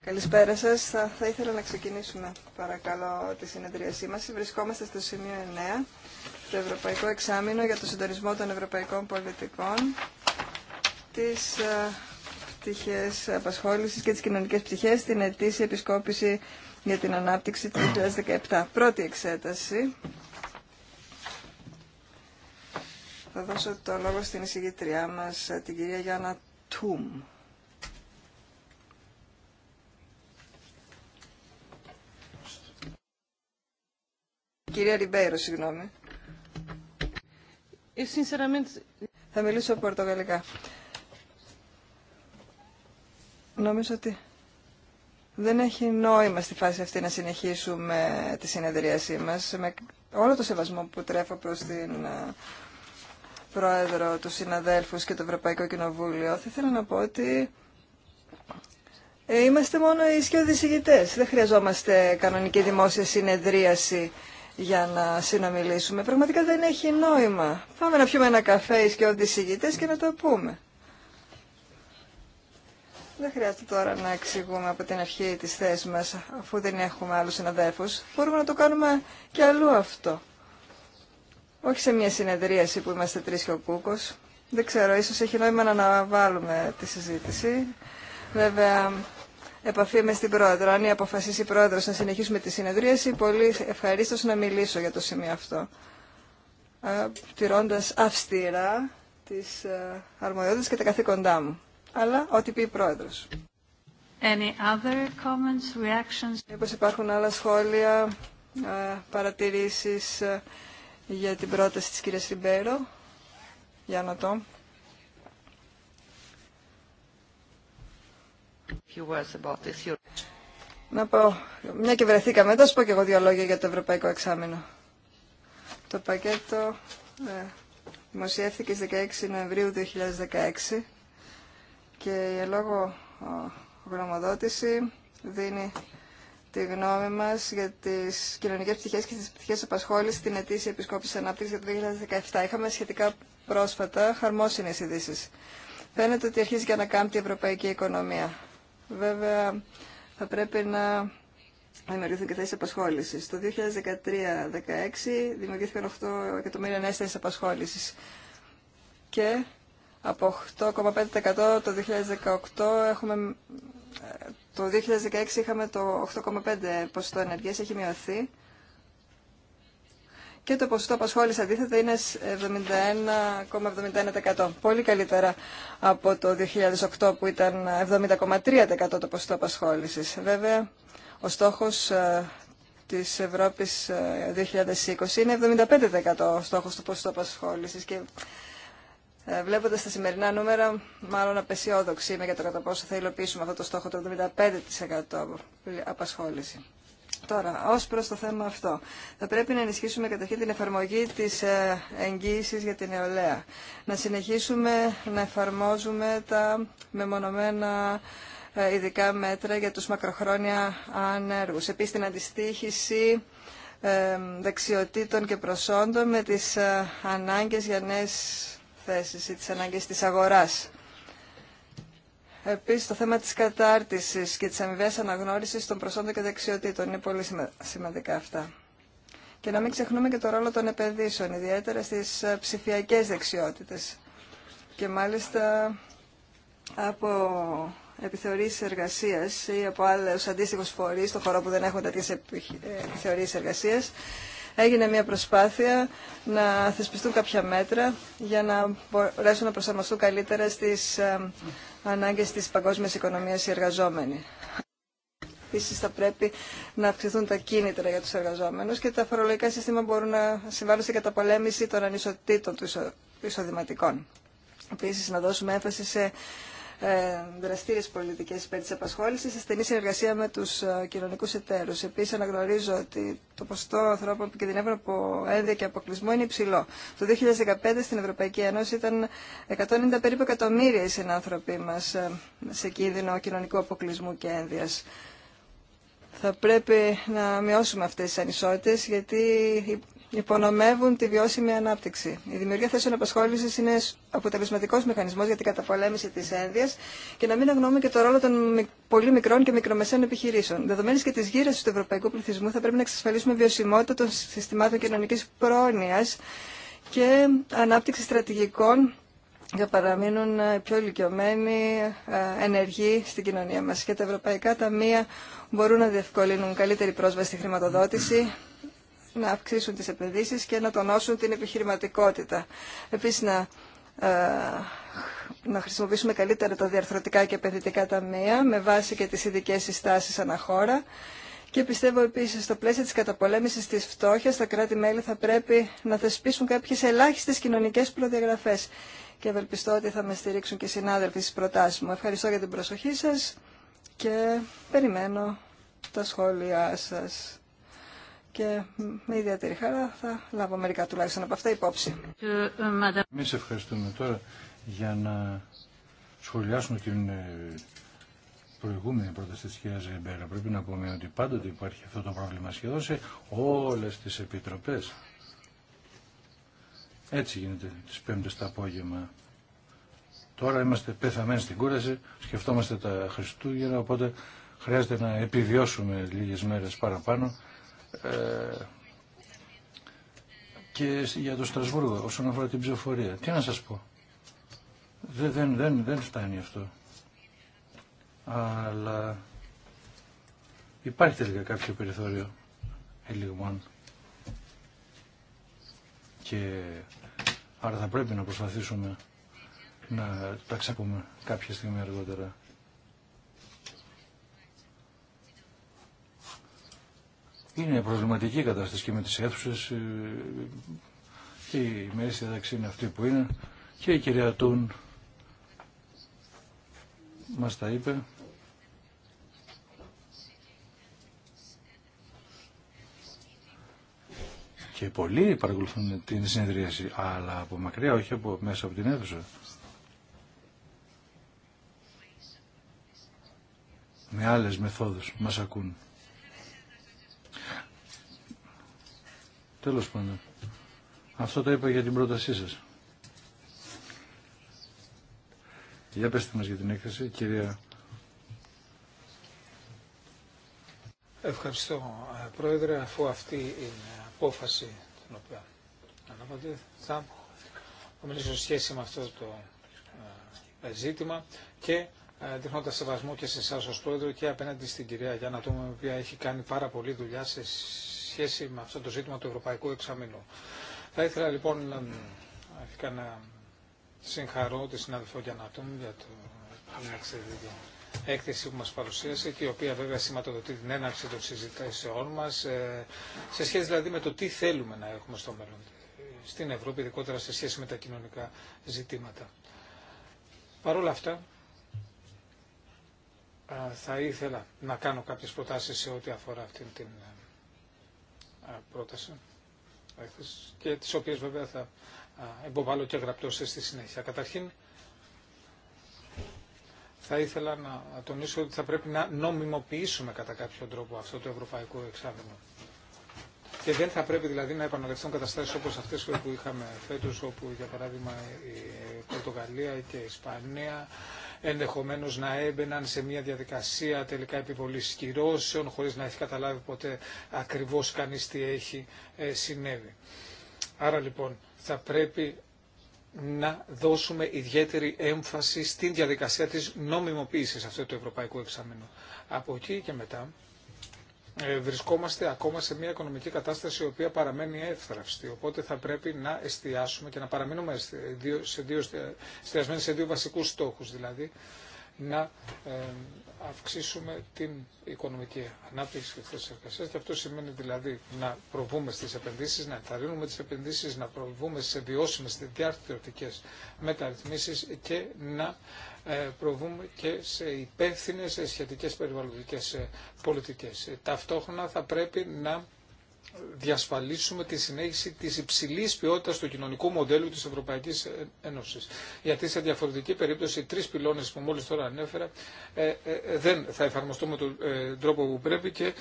Καλησπέρα σας. Θα, ήθελα να ξεκινήσουμε παρακαλώ τη συνεδρίασή μας. Βρισκόμαστε στο σημείο 9, το Ευρωπαϊκό Εξάμεινο για το Συντονισμό των Ευρωπαϊκών Πολιτικών, τις ε, πτυχέ απασχόληση και τι κοινωνικέ πτυχέ στην ετήσια επισκόπηση για την ανάπτυξη του 2017. Πρώτη εξέταση. Θα δώσω το λόγο στην εισηγητριά μας, την κυρία Γιάννα Τούμ. Κυρία Ριμπέιρο, συγγνώμη. Ε, θα μιλήσω πορτογαλικά. Νομίζω ότι δεν έχει νόημα στη φάση αυτή να συνεχίσουμε τη συνεδρίασή μας με όλο το σεβασμό που τρέφω προς την ε, Πρόεδρο, του συναδέλφους και το Ευρωπαϊκό Κοινοβούλιο. Θα ήθελα να πω ότι ε, είμαστε μόνο οι σκιώδεις Δεν χρειαζόμαστε κανονική δημόσια συνεδρίαση για να συνομιλήσουμε. Πραγματικά δεν έχει νόημα. Πάμε να πιούμε ένα καφέ εις και ό,τι συγγητές και να το πούμε. Δεν χρειάζεται τώρα να εξηγούμε από την αρχή τις θέση μας, αφού δεν έχουμε άλλους συναδέλφους. Μπορούμε να το κάνουμε και αλλού αυτό. Όχι σε μια συνεδρίαση που είμαστε τρεις και ο Κούκος. Δεν ξέρω, ίσως έχει νόημα να αναβάλουμε τη συζήτηση. Βέβαια, επαφή με στην Πρόεδρο. Αν η αποφασίσει η Πρόεδρος να συνεχίσουμε τη συνεδρίαση, πολύ ευχαρίστως να μιλήσω για το σημείο αυτό. Τηρώντας αυστηρά τις ε, αρμοδιότητες και τα καθήκοντά μου. Αλλά ό,τι πει η Πρόεδρος. Any other comments, reactions? υπάρχουν άλλα σχόλια, ε, παρατηρήσεις ε, για την πρόταση της κυρίας Ριμπέρο. Για να το. Να πω, μια και βρεθήκαμε, θα σου πω και εγώ δύο λόγια για το Ευρωπαϊκό Εξάμεινο. Το πακέτο ε, δημοσιεύθηκε στις 16 Νοεμβρίου 2016 και η λόγω γνωμοδότηση δίνει τη γνώμη μας για τις κοινωνικές πτυχές και τις πτυχές απασχόλησης στην ετήσια επισκόπηση ανάπτυξης για το 2017. Είχαμε σχετικά πρόσφατα χαρμόσυνες ειδήσει. Φαίνεται ότι αρχίζει και ανακάμπτει η ευρωπαϊκή οικονομία. Βέβαια, θα πρέπει να δημιουργηθούν και θέσει απασχόληση. Το 2013-2016 δημιουργήθηκαν 8 εκατομμύρια νέε θέσει απασχόληση. Και από 8,5% το 2018 έχουμε. Ε, το 2016 είχαμε το 8,5% ε, ποσοστό έχει μειωθεί και το ποσοστό απασχόληση αντίθετα είναι 71,71%. Πολύ καλύτερα από το 2008 που ήταν 70,3% το ποσοστό απασχόληση. Βέβαια, ο στόχος ε, της Ευρώπης 2020 ε, είναι 75% ο στόχος του ποσοστού απασχόληση. και ε, βλέποντας τα σημερινά νούμερα μάλλον απεσιόδοξη είμαι για το κατά πόσο θα υλοποιήσουμε αυτό το στόχο του 75% απασχόληση. Τώρα, ω προς το θέμα αυτό, θα πρέπει να ενισχύσουμε καταρχήν την εφαρμογή της ε, εγγύηση για την νεολαία. Να συνεχίσουμε να εφαρμόζουμε τα μεμονωμένα ε, ειδικά μέτρα για τους μακροχρόνια ανέργους. Επίσης, την αντιστοίχηση ε, δεξιοτήτων και προσόντων με τις ανάγκες για νέες θέσεις ή τις ανάγκες της αγοράς. Επίσης, το θέμα της κατάρτισης και της αμοιβέ αναγνώρισης των προσόντων και δεξιοτήτων είναι πολύ σημαντικά αυτά. Και να μην ξεχνούμε και το ρόλο των επενδύσεων, ιδιαίτερα στις ε, ψηφιακές δεξιότητες. Και μάλιστα από επιθεωρήσεις εργασίας ή από άλλους αντίστοιχους φορείς, στον χώρο που δεν έχουν τέτοιες ε, επιθεωρήσεις εργασίας, έγινε μια προσπάθεια να θεσπιστούν κάποια μέτρα για να μπορέσουν να προσαρμοστούν καλύτερα στις ε, ανάγκες της παγκόσμιας οικονομίας οι εργαζόμενοι. Επίση, θα πρέπει να αυξηθούν τα κίνητρα για του εργαζόμενου και τα φορολογικά συστήματα μπορούν να συμβάλλουν στην καταπολέμηση των ανισοτήτων του εισοδηματικών. Επίση, να δώσουμε έμφαση σε ε, δραστήριες πολιτικές υπέρ τη απασχόλησης σε στενή συνεργασία με τους ε, κοινωνικού εταίρους. Επίση αναγνωρίζω ότι το ποσοστό ανθρώπων που κινδυνεύουν από ένδια και αποκλεισμό είναι υψηλό. Το 2015 στην Ευρωπαϊκή Ένωση ήταν 190 περίπου εκατομμύρια οι συνάνθρωποι μας ε, σε κίνδυνο κοινωνικού αποκλεισμού και ένδια. Θα πρέπει να μειώσουμε αυτές τις ανισότητες γιατί υπονομεύουν τη βιώσιμη ανάπτυξη. Η δημιουργία θέσεων απασχόληση είναι αποτελεσματικό μηχανισμό για την καταπολέμηση τη ένδυα και να μην αγνοούμε και το ρόλο των πολύ μικρών και μικρομεσαίων επιχειρήσεων. Δεδομένη και τη γύραση του ευρωπαϊκού πληθυσμού, θα πρέπει να εξασφαλίσουμε βιωσιμότητα των συστημάτων κοινωνική πρόνοια και ανάπτυξη στρατηγικών για να παραμείνουν ε, πιο ηλικιωμένοι, ε, ενεργοί στην κοινωνία μας. Και τα ευρωπαϊκά ταμεία μπορούν να διευκολύνουν καλύτερη πρόσβαση στη χρηματοδότηση, να αυξήσουν τις επενδύσεις και να τονώσουν την επιχειρηματικότητα. Επίσης να, ε, να χρησιμοποιήσουμε καλύτερα τα διαρθρωτικά και επενδυτικά ταμεία με βάση και τις ειδικές συστάσεις αναχώρα. Και πιστεύω επίσης στο πλαίσιο της καταπολέμησης της φτώχειας τα κράτη-μέλη θα πρέπει να θεσπίσουν κάποιες ελάχιστες κοινωνικές προδιαγραφές. Και ευελπιστώ ότι θα με στηρίξουν και οι συνάδελφοι στις προτάσεις μου. Ευχαριστώ για την προσοχή σας και περιμένω τα σχόλιά σας και με ιδιαίτερη χαρά θα λάβω μερικά τουλάχιστον από αυτά υπόψη. Εμεί ευχαριστούμε τώρα για να σχολιάσουμε την ε, προηγούμενη πρόταση τη κυρία Ζεμπέρα. Πρέπει να πούμε ότι πάντοτε υπάρχει αυτό το πρόβλημα σχεδόν σε όλες τις επιτροπές. Έτσι γίνεται τις πέμπτες το απόγευμα. Τώρα είμαστε πεθαμένοι στην κούραση, σκεφτόμαστε τα Χριστούγεννα, οπότε χρειάζεται να επιβιώσουμε λίγες μέρες παραπάνω ε, και για το Στρασβούργο όσον αφορά την ψηφοφορία. Τι να σας πω. Δεν, δεν, δεν, δεν φτάνει αυτό. Αλλά υπάρχει τελικά κάποιο περιθώριο ελιγμών. Και άρα θα πρέπει να προσπαθήσουμε να τα ξαπούμε κάποια στιγμή αργότερα. Είναι προβληματική η κατάσταση και με τις αίθουσες ε, και η μέση διάταξη είναι αυτή που είναι και η κυρία Τούν μας τα είπε. Και πολλοί παρακολουθούν την συνεδρίαση, αλλά από μακριά, όχι από μέσα από την αίθουσα. Με άλλες μεθόδους μας ακούν. Τέλος πάντων. Αυτό το είπα για την πρότασή σας. Για πέστε μας για την έκθεση, κυρία. Ευχαριστώ, Πρόεδρε, αφού αυτή είναι απόφαση την οποία αναπαντή, θα μιλήσω σχέση με αυτό το ε, ζήτημα και ε, δείχνοντα σεβασμό και σε εσά ω πρόεδρο και απέναντι στην κυρία Γιάννα Τόμα, η οποία έχει κάνει πάρα πολλή δουλειά σε σχέση με αυτό το ζήτημα του Ευρωπαϊκού Εξαμήνου. Θα ήθελα λοιπόν να συγχαρώ τη συνάδελφο Γιαννατούν για το έκθεση που μας παρουσίασε και η οποία βέβαια σηματοδοτεί την έναρξη των συζητήσεών μας ε, σε σχέση δηλαδή με το τι θέλουμε να έχουμε στο μέλλον στην Ευρώπη, ειδικότερα σε σχέση με τα κοινωνικά ζητήματα. Παρ' όλα αυτά, θα ήθελα να κάνω κάποιες προτάσεις σε ό,τι αφορά αυτή την πρόταση και τις οποίες βέβαια θα εμποβάλω και γραπτώ στη συνέχεια. Καταρχήν, θα ήθελα να τονίσω ότι θα πρέπει να νομιμοποιήσουμε κατά κάποιο τρόπο αυτό το ευρωπαϊκό εξάμεινο. Και δεν θα πρέπει δηλαδή να επαναληφθούν καταστάσει όπω αυτέ που είχαμε φέτο, όπου για παράδειγμα η Πορτογαλία και η Ισπανία ενδεχομένως να έμπαιναν σε μια διαδικασία τελικά επιβολής κυρώσεων χωρίς να έχει καταλάβει ποτέ ακριβώς κανείς τι έχει ε, συνέβη. Άρα λοιπόν θα πρέπει να δώσουμε ιδιαίτερη έμφαση στην διαδικασία της νομιμοποίησης αυτού του Ευρωπαϊκού Εξάμενου. Από εκεί και μετά ε, βρισκόμαστε ακόμα σε μια οικονομική κατάσταση η οποία παραμένει εύθραυστη. Οπότε θα πρέπει να εστιάσουμε και να παραμείνουμε εστιασμένοι σε δύο βασικούς στόχους. Δηλαδή να αυξήσουμε την οικονομική ανάπτυξη και τι εργασίας και αυτό σημαίνει δηλαδή να προβούμε στις επενδύσεις, να ενθαρρύνουμε τις επενδύσεις, να προβούμε σε βιώσιμες διαρθρωτικές μεταρρυθμίσεις και να ε, προβούμε και σε υπεύθυνες σχετικές περιβαλλοντικές ε, πολιτικές. Ε, ταυτόχρονα θα πρέπει να διασφαλίσουμε τη συνέχιση της υψηλή ποιότητας του κοινωνικού μοντέλου της Ευρωπαϊκής ε, Ένωσης. Γιατί σε διαφορετική περίπτωση οι τρεις πυλώνε που μόλις τώρα ανέφερα ε, ε, δεν θα εφαρμοστούν με τον τρόπο που πρέπει και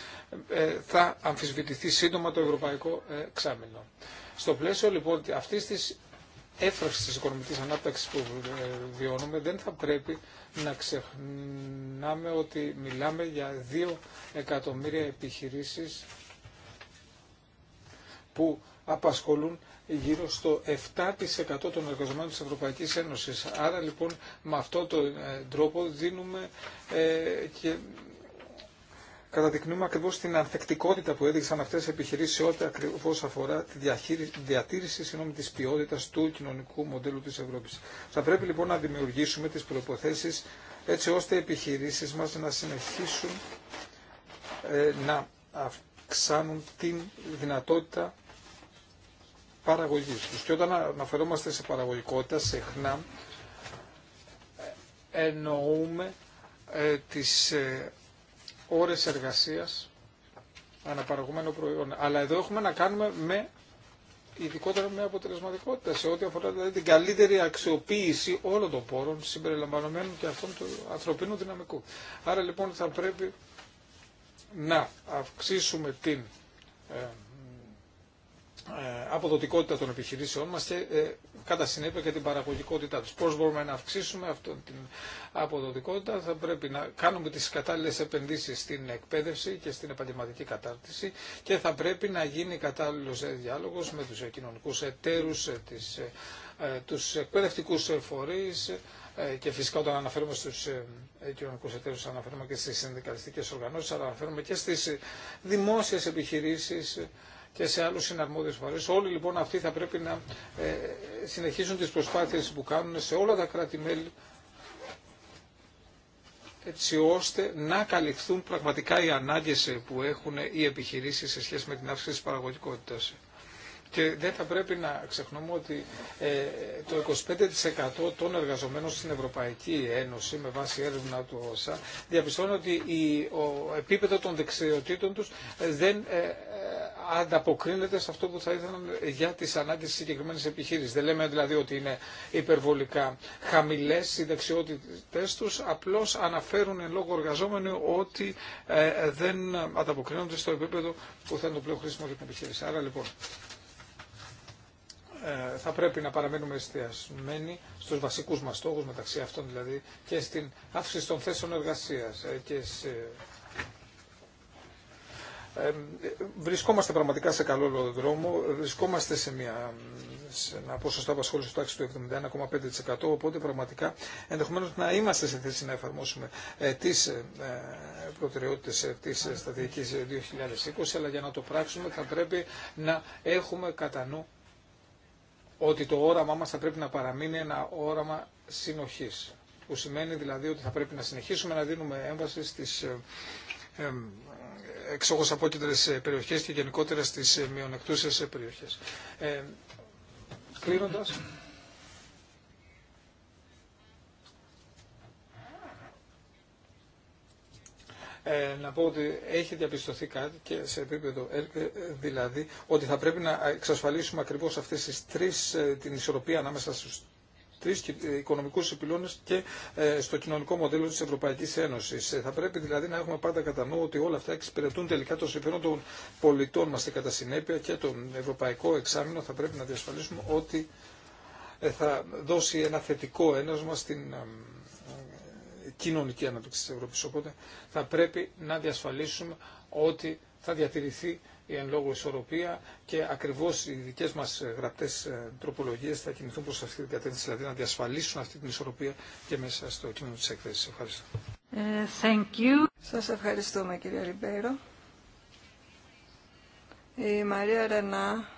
θα αμφισβητηθεί σύντομα το ευρωπαϊκό εξάμεινο. Στο πλαίσιο λοιπόν αυτή της έφραση της οικονομική ανάπτυξη που βιώνουμε δεν θα πρέπει να ξεχνάμε ότι μιλάμε για δύο εκατομμύρια επιχειρήσει που απασχολούν γύρω στο 7% των εργαζομένων της Ευρωπαϊκής Ένωσης. Άρα λοιπόν με αυτόν τον ε, τρόπο δίνουμε ε, και καταδεικνύουμε ακριβώ την ανθεκτικότητα που έδειξαν αυτέ οι επιχειρήσει σε ό,τι ακριβώ αφορά τη διατήρηση της ποιότητα του κοινωνικού μοντέλου τη Ευρώπη. Θα πρέπει λοιπόν να δημιουργήσουμε τι προποθέσει έτσι ώστε οι επιχειρήσει μα να συνεχίσουν ε, να αυξάνουν την δυνατότητα παραγωγής τους. Και όταν αναφερόμαστε σε παραγωγικότητα, συχνά ε, εννοούμε ε, τις ε, ώρες εργασίας αναπαραγωμένο προϊόν. Αλλά εδώ έχουμε να κάνουμε με ειδικότερα με αποτελεσματικότητα σε ό,τι αφορά δηλαδή, την καλύτερη αξιοποίηση όλων των πόρων συμπεριλαμβανομένων και αυτών του ανθρωπίνου δυναμικού. Άρα λοιπόν θα πρέπει να αυξήσουμε την ε, ε, αποδοτικότητα των επιχειρήσεών μας και ε, κατά συνέπεια και την παραγωγικότητά τους. Πώς μπορούμε να αυξήσουμε αυτή την αποδοτικότητα θα πρέπει να κάνουμε τις κατάλληλες επενδύσεις στην εκπαίδευση και στην επαγγελματική κατάρτιση και θα πρέπει να γίνει κατάλληλος διάλογος με τους κοινωνικούς εταίρους, ε, τις, τους εκπαιδευτικούς φορείς, και φυσικά όταν αναφέρουμε στους κοινωνικού εταίρους αναφέρουμε και στις συνδικαλιστικές οργανώσεις αλλά αναφέρουμε και στις δημόσιες επιχειρήσεις και σε άλλους συναρμόδιους φορέ. Όλοι λοιπόν αυτοί θα πρέπει να ε, συνεχίσουν τις προσπάθειες που κάνουν σε όλα τα κράτη-μέλη έτσι ώστε να καλυφθούν πραγματικά οι ανάγκες που έχουν οι επιχειρήσεις σε σχέση με την αύξηση της παραγωγικότητας. Και δεν θα πρέπει να ξεχνούμε ότι ε, το 25% των εργαζομένων στην Ευρωπαϊκή Ένωση με βάση έρευνα του ΩΣΑ διαπιστώνει ότι η, ο επίπεδο των δεξιοτήτων τους ε, δεν ανταποκρίνεται σε αυτό που θα ήθελαν για τις ανάγκες της συγκεκριμένης επιχείρησης. Δεν λέμε δηλαδή ότι είναι υπερβολικά χαμηλές οι δεξιότητες τους, απλώς αναφέρουν εν λόγω εργαζόμενοι ότι ε, δεν ανταποκρίνονται στο επίπεδο που θα είναι το πλέον χρήσιμο για την επιχείρηση. Άρα λοιπόν ε, θα πρέπει να παραμείνουμε εστιασμένοι στους βασικούς μας στόχους μεταξύ αυτών δηλαδή και στην αύξηση των θέσεων εργασίας ε, και βρισκόμαστε πραγματικά σε καλό δρόμο, βρισκόμαστε σε μια σε ένα ποσοστό απασχόληση τάξη του 71,5% οπότε πραγματικά ενδεχομένω να είμαστε σε θέση να εφαρμόσουμε ε, τις ε, προτεραιότητες ε, της του 2020 αλλά για να το πράξουμε θα πρέπει να έχουμε κατά νου ότι το όραμά μας θα πρέπει να παραμείνει ένα όραμα συνοχής που σημαίνει δηλαδή ότι θα πρέπει να συνεχίσουμε να δίνουμε έμβαση στις εξόχως απόκεντρε ε, περιοχές και γενικότερα στις ε, μειονεκτούσες ε, περιοχές. Ε, κλείνοντας... Ε, να πω ότι έχει διαπιστωθεί κάτι και σε επίπεδο δηλαδή ότι θα πρέπει να εξασφαλίσουμε ακριβώς αυτές τις τρεις, την ισορροπία ανάμεσα στους και οικονομικούς επιλώνες και ε, στο κοινωνικό μοντέλο της Ευρωπαϊκής Ένωσης. Ε, θα πρέπει δηλαδή να έχουμε πάντα κατά νου ότι όλα αυτά εξυπηρετούν τελικά το συμφέρον των πολιτών μας και κατά συνέπεια και τον Ευρωπαϊκό Εξάμεινο θα πρέπει να διασφαλίσουμε ότι ε, θα δώσει ένα θετικό ένωσμα στην κοινωνική ανάπτυξη της Ευρώπης. Οπότε θα πρέπει να διασφαλίσουμε ότι θα διατηρηθεί η εν λόγω ισορροπία και ακριβώ οι δικέ μα ε, γραπτέ ε, τροπολογίε θα κινηθούν προ αυτή την κατεύθυνση, δηλαδή να διασφαλίσουν αυτή την ισορροπία και μέσα στο κείμενο τη έκθεση. Ευχαριστώ. Ε, thank you. Σας ευχαριστούμε κύριε Ριμπέιρο. Η Μαρία Ρενά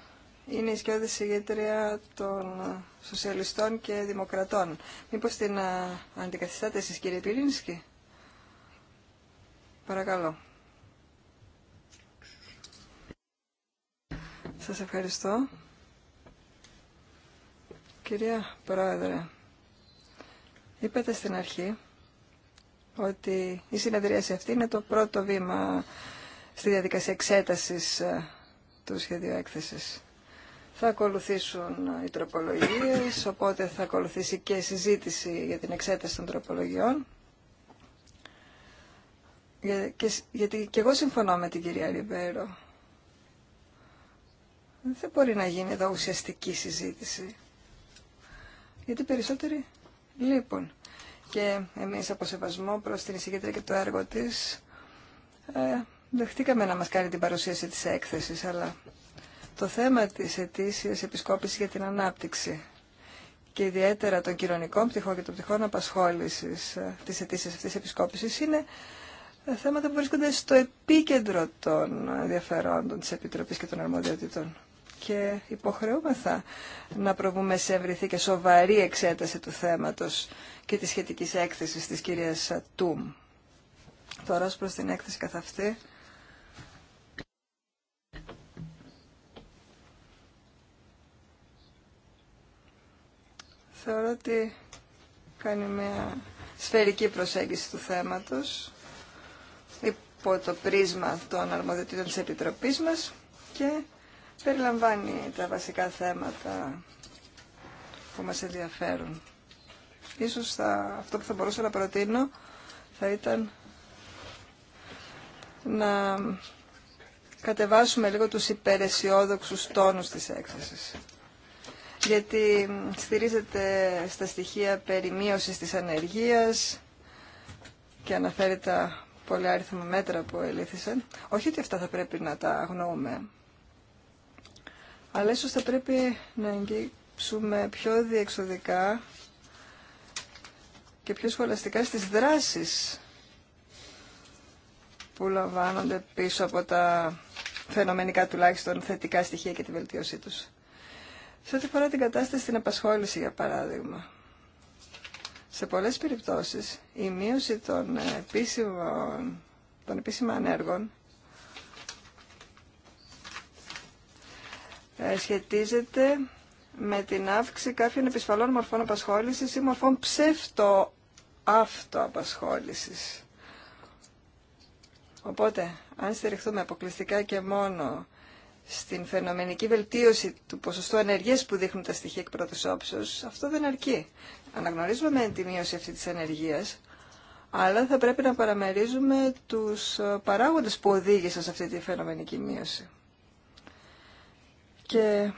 είναι η σκιώδη συγγετρία των σοσιαλιστών και δημοκρατών. Μήπως την αντικαθιστάτε εσείς κύριε Πυρίνσκι. Παρακαλώ. Σας ευχαριστώ. Κυρία Πρόεδρε, είπατε στην αρχή ότι η σε αυτή είναι το πρώτο βήμα στη διαδικασία εξέτασης ε, του σχεδίου έκθεσης. Θα ακολουθήσουν οι τροπολογίες, οπότε θα ακολουθήσει και συζήτηση για την εξέταση των τροπολογιών. Γιατί και εγώ συμφωνώ με την κυρία Ριβέρο δεν μπορεί να γίνει εδώ ουσιαστική συζήτηση. Γιατί περισσότεροι λείπουν. Και εμείς από σεβασμό προς την εισηγήτρια και το έργο της ε, δεχτήκαμε να μας κάνει την παρουσίαση της έκθεσης, αλλά το θέμα της αιτήσια επισκόπησης για την ανάπτυξη και ιδιαίτερα των κοινωνικών πτυχών και των πτυχών απασχόλησης ε, της αυτή αυτής επισκόπησης είναι ε, θέματα που βρίσκονται στο επίκεντρο των ενδιαφερόντων της Επιτροπής και των αρμοδιοτήτων και υποχρεούμεθα να προβούμε σε ευρυθή και σοβαρή εξέταση του θέματος και της σχετικής έκθεσης της κυρίας Τούμ. Τώρα ως προς την έκθεση καθ' αυτή. Θεωρώ ότι κάνει μια σφαιρική προσέγγιση του θέματος υπό το πρίσμα των αρμοδιοτήτων της Επιτροπής μας και περιλαμβάνει τα βασικά θέματα που μας ενδιαφέρουν. Ίσως θα, αυτό που θα μπορούσα να προτείνω θα ήταν να κατεβάσουμε λίγο τους υπεραισιόδοξους τόνους της έκθεσης. Γιατί στηρίζεται στα στοιχεία περιμείωσης της ανεργίας και αναφέρει τα πολλά αριθμα μέτρα που ελήφθησαν. Όχι ότι αυτά θα πρέπει να τα αγνοούμε, αλλά ίσως θα πρέπει να εγγύψουμε πιο διεξοδικά και πιο σχολαστικά στις δράσεις που λαμβάνονται πίσω από τα φαινομενικά τουλάχιστον θετικά στοιχεία και τη βελτίωσή τους. Σε ό,τι φορά την κατάσταση στην απασχόληση, για παράδειγμα, σε πολλές περιπτώσεις η μείωση των επίσημων των επίσημα ανέργων Ε, σχετίζεται με την αύξηση κάποιων επισφαλών μορφών απασχόλησης ή μορφών ψεύτο αυτοαπασχόλησης. Οπότε, αν στηριχθούμε αποκλειστικά και μόνο στην φαινομενική βελτίωση του ποσοστού ενεργείας που δείχνουν τα στοιχεία εκ αυτό δεν αρκεί. Αναγνωρίζουμε με τη μείωση αυτή της ενεργείας, αλλά θα πρέπει να παραμερίζουμε τους παράγοντες που οδήγησαν σε αυτή τη φαινομενική μείωση. Και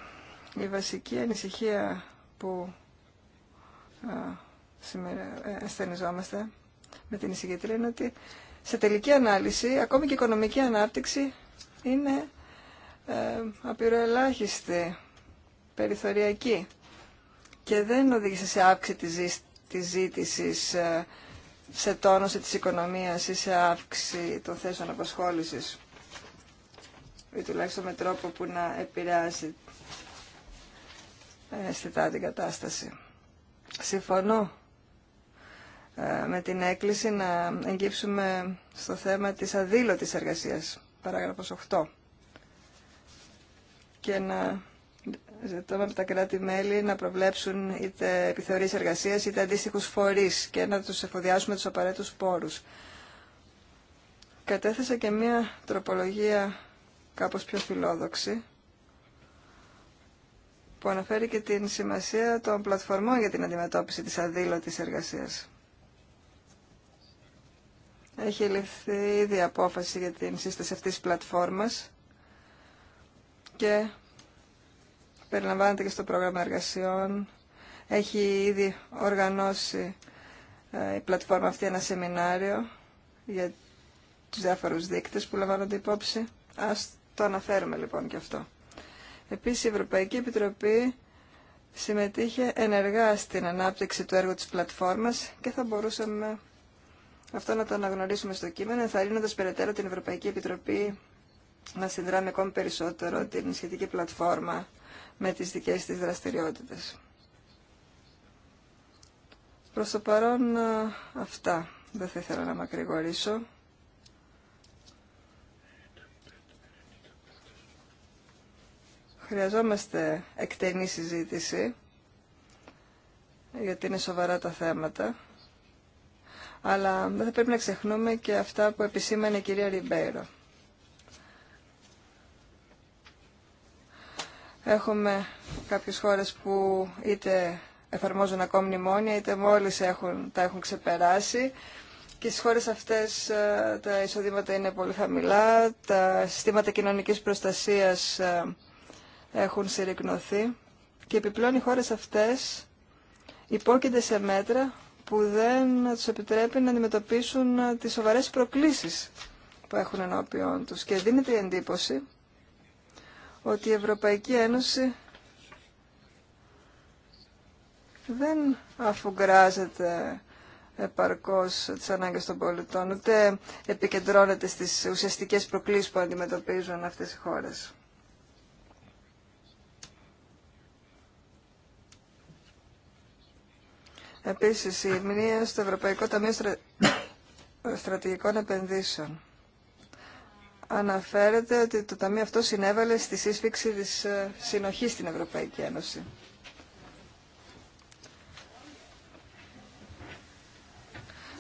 η βασική ανησυχία που α, σήμερα ε, ασθενιζόμαστε με την εισηγήτρια είναι ότι σε τελική ανάλυση, ακόμη και η οικονομική ανάπτυξη είναι ε, απειροελάχιστη, περιθωριακή και δεν οδήγησε σε αύξηση της, της ζήτησης, ε, σε τόνωση της οικονομίας ή σε αύξηση των θέσεων απασχόλησης ή τουλάχιστον με τρόπο που να επηρεάσει ε, αισθητά την κατάσταση. Συμφωνώ ε, με την έκκληση να εγγύψουμε στο θέμα της αδήλωτης εργασίας, παράγραφος 8, και να ζητούμε από τα κράτη-μέλη να προβλέψουν είτε επιθεωρήσεις εργασίας είτε αντίστοιχους φορείς και να τους εφοδιάσουμε τους απαραίτητους πόρους. Κατέθεσα και μία τροπολογία κάπως πιο φιλόδοξη που αναφέρει και την σημασία των πλατφορμών για την αντιμετώπιση της αδήλωτης εργασίας. Έχει ληφθεί ήδη απόφαση για την σύσταση αυτής της πλατφόρμας και περιλαμβάνεται και στο πρόγραμμα εργασιών. Έχει ήδη οργανώσει ε, η πλατφόρμα αυτή ένα σεμινάριο για τους διάφορους δείκτες που λαμβάνονται υπόψη. Ας το αναφέρουμε λοιπόν και αυτό. Επίσης η Ευρωπαϊκή Επιτροπή συμμετείχε ενεργά στην ανάπτυξη του έργου της πλατφόρμας και θα μπορούσαμε αυτό να το αναγνωρίσουμε στο κείμενο, ενθαρρύνοντας περαιτέρω την Ευρωπαϊκή Επιτροπή να συνδράμει ακόμη περισσότερο την σχετική πλατφόρμα με τις δικές της δραστηριότητες. Προς το παρόν ε, αυτά. Δεν θα ήθελα να μακρηγορήσω. χρειαζόμαστε εκτενή συζήτηση, γιατί είναι σοβαρά τα θέματα. Αλλά δεν θα πρέπει να ξεχνούμε και αυτά που επισήμανε η κυρία Ριμπέιρο. Έχουμε κάποιες χώρες που είτε εφαρμόζουν ακόμη μνημόνια, είτε μόλις έχουν, τα έχουν ξεπεράσει. Και στις χώρες αυτές ε, τα εισοδήματα είναι πολύ χαμηλά, τα συστήματα κοινωνικής προστασίας ε, έχουν συρρυκνωθεί και επιπλέον οι χώρες αυτές υπόκεινται σε μέτρα που δεν τους επιτρέπει να αντιμετωπίσουν τις σοβαρές προκλήσεις που έχουν ενώπιον τους. Και δίνεται η εντύπωση ότι η Ευρωπαϊκή Ένωση δεν αφουγκράζεται επαρκώς τις ανάγκες των πολιτών, ούτε επικεντρώνεται στις ουσιαστικές προκλήσεις που αντιμετωπίζουν αυτές οι χώρες. Επίσης, η μνήμα στο Ευρωπαϊκό Ταμείο Στρατηγικών Επενδύσεων. Αναφέρεται ότι το Ταμείο αυτό συνέβαλε στη σύσφυξη της ε, συνοχής στην Ευρωπαϊκή Ένωση.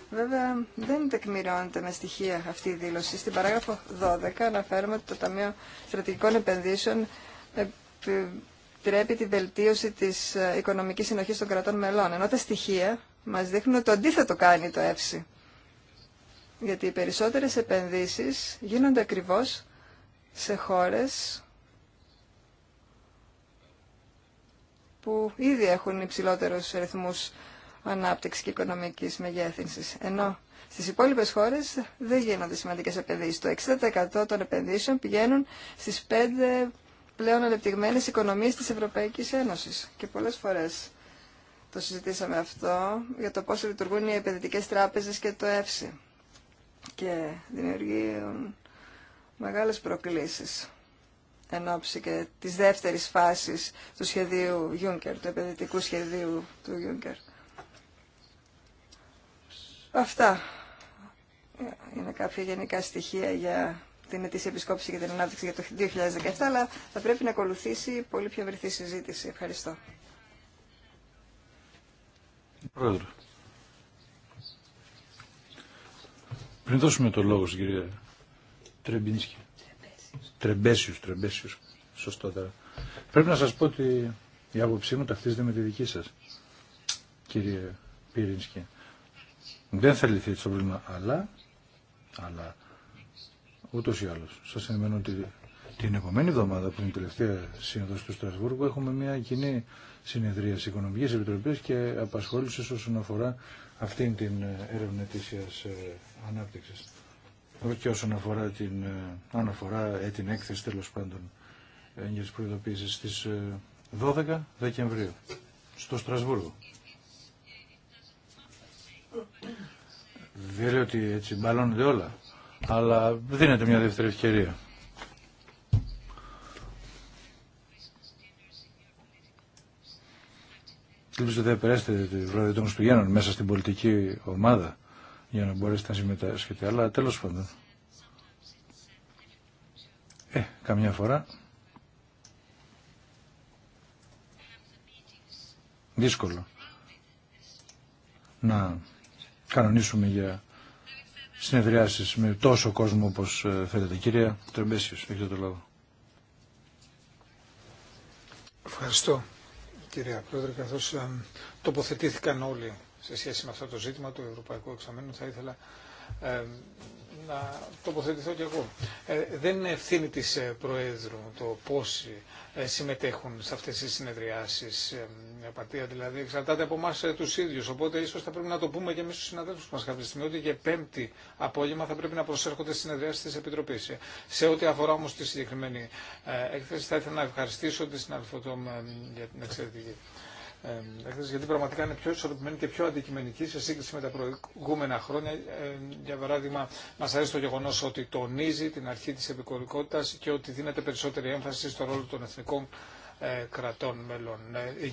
Βέβαια, δεν τεκμηριώνεται με στοιχεία αυτή η δήλωση. Στην παράγραφο 12 αναφέρουμε ότι το Ταμείο Στρατηγικών Επενδύσεων επιτρέπει τη βελτίωση της ε, οικονομικής συνοχής των κρατών μελών. Ενώ τα στοιχεία μας δείχνουν ότι το αντίθετο κάνει το ΕΦΣΥ. Γιατί οι περισσότερες επενδύσεις γίνονται ακριβώς σε χώρες που ήδη έχουν υψηλότερους ρυθμούς ανάπτυξης και οικονομικής μεγέθυνσης. Ενώ στις υπόλοιπες χώρες δεν γίνονται σημαντικές επενδύσεις. Το 60% των επενδύσεων πηγαίνουν στις 5% πλέον ανεπτυγμένες οικονομίες της Ευρωπαϊκής Ένωσης. Και πολλές φορές το συζητήσαμε αυτό για το πώς λειτουργούν οι επενδυτικές τράπεζες και το ΕΦΣΥ και δημιουργούν μεγάλες προκλήσεις εν ώψη και της δεύτερης φάσης του σχεδίου Juncker, του επενδυτικού σχεδίου του Juncker. Αυτά είναι κάποια γενικά στοιχεία για την ετήσια επισκόπηση για την ανάπτυξη για το 2017, αλλά θα πρέπει να ακολουθήσει πολύ πιο ευρυθή συζήτηση. Ευχαριστώ. Πρόεδρε. Πριν δώσουμε το λόγο στην κυρία Τρεμπίνσκη. Τρεμπέσιους, τρεμπέσιους. Σωστότερα. Πρέπει να σας πω ότι η άποψή μου ταυτίζεται με τη δική σας, κύριε Πυρίνσκη. Δεν θα λυθεί το πρόβλημα, αλλά, αλλά Ούτω ή άλλω. Σα ενημερώνω ότι την επόμενη εβδομάδα, που είναι η τελευταία σύνοδο του Στρασβούργου έχουμε μια κοινή συνεδρία Οικονομικής Επιτροπής και απασχόλησης όσον αφορά αυτήν την ε, έρευνα τελευταια συνοδο του στρασβουργου εχουμε μια κοινη συνεδρια οικονομική επιτροπης και όσον αφορά την ερευνα ετησιας ανάπτυξη. οχι οσον αφορα ε, την έκθεση εκθεση τέλο πάντων για τις προειδοποίησεις στις 12 ε, Δεκεμβρίου στο Στρασβούργο. Δεν λέω ότι έτσι μπαλώνονται όλα αλλά δίνετε μια δεύτερη ευκαιρία. Ελπίζω ότι δεν περάσετε τη βράδυ των Χριστουγέννων μέσα στην πολιτική ομάδα για να μπορέσετε να συμμετάσχετε. Αλλά τέλος πάντων. Ε, καμιά φορά. Δύσκολο να κανονίσουμε για συνεδριάσεις με τόσο κόσμο όπως ε, θέλετε. Κυρία Τρεμπέσιο, έχετε το λόγο. Ευχαριστώ κυρία Πρόεδρε, Καθώ ε, τοποθετήθηκαν όλοι σε σχέση με αυτό το ζήτημα του Ευρωπαϊκού Εξαμένου, θα ήθελα να τοποθετηθώ κι εγώ. Ε, δεν είναι ευθύνη της ε, Προέδρου το πόσοι ε, συμμετέχουν σε αυτές τις συνεδριάσεις. Η πατία, δηλαδή εξαρτάται από εμά τους ίδιους. Οπότε ίσως θα πρέπει να το πούμε και εμείς τους συναδέλφους μας κάποια στιγμή ότι και πέμπτη απόγευμα θα πρέπει να προσέρχονται στις συνεδριάσεις της Επιτροπής. Σε ό,τι αφορά όμως τη συγκεκριμένη έκθεση θα ήθελα να ευχαριστήσω τη συναδελφό για την εξαιρετική ε, έκθεση, γιατί πραγματικά είναι πιο ισορροπημένη και πιο αντικειμενική σε σύγκριση με τα προηγούμενα χρόνια. Ε, για παράδειγμα, μα αρέσει το γεγονό ότι τονίζει την αρχή τη επικορικότητα και ότι δίνεται περισσότερη έμφαση στο ρόλο των εθνικών ε, κρατών μελών.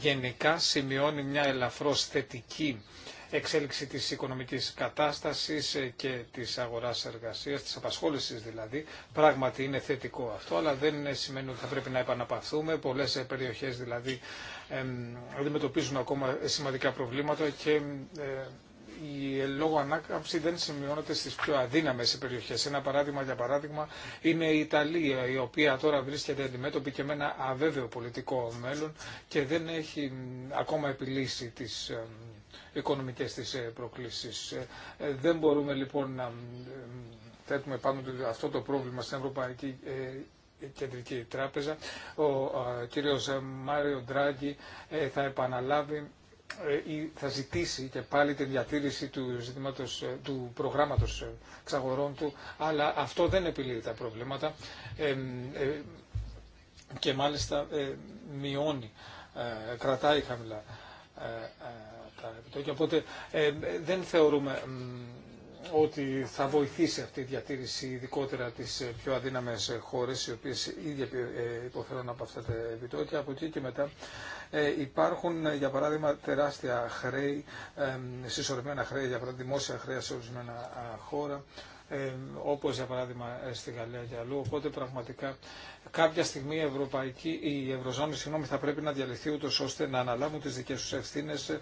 γενικά σημειώνει μια ελαφρώς θετική εξέλιξη της οικονομικής κατάστασης ε, και της αγοράς εργασίας, της απασχόλησης δηλαδή. Πράγματι είναι θετικό αυτό, αλλά δεν ε, σημαίνει ότι θα πρέπει να επαναπαυθούμε. Πολλές ε, περιοχές δηλαδή αντιμετωπίζουν ακόμα σημαντικά προβλήματα και η λόγω ανάκαμψη δεν σημειώνεται στις πιο αδύναμες περιοχές. Ένα παράδειγμα για παράδειγμα είναι η Ιταλία, η οποία τώρα βρίσκεται αντιμέτωπη και με ένα αβέβαιο πολιτικό μέλλον και δεν έχει ακόμα επιλύσει τις οικονομικές της ε, προκλήσεις. Ε, ε, δεν μπορούμε λοιπόν να θέτουμε πάνω αυτό το πρόβλημα στην Ευρωπαϊκή Κεντρική Τράπεζα. Ο κύριος Μάριο Ντράγκη θα επαναλάβει ή θα ζητήσει και πάλι τη διατήρηση του, ζητήματος, του προγράμματος εξαγορών του, αλλά αυτό δεν επιλύει τα προβλήματα και μάλιστα μειώνει, κρατάει χαμηλά επιτόκια. Οπότε ε, δεν θεωρούμε ότι θα βοηθήσει αυτή η διατήρηση ειδικότερα τις ε, πιο αδύναμες ε, χώρες οι οποίες ήδη υποφέρουν από αυτά τα επιτόκια. Από εκεί και μετά υπάρχουν για παράδειγμα τεράστια χρέη, συσσωρευμένα χρέη, για παράδειγμα δημόσια χρέη σε ορισμένα χώρα ε, όπως για παράδειγμα ε, στη Γαλλία και αλλού. Οπότε πραγματικά κάποια στιγμή η, Ευρωπαϊκή, η Ευρωζώνη θα πρέπει να διαλυθεί ούτως ώστε να αναλάβουν τις δικές τους ευθύνες ε,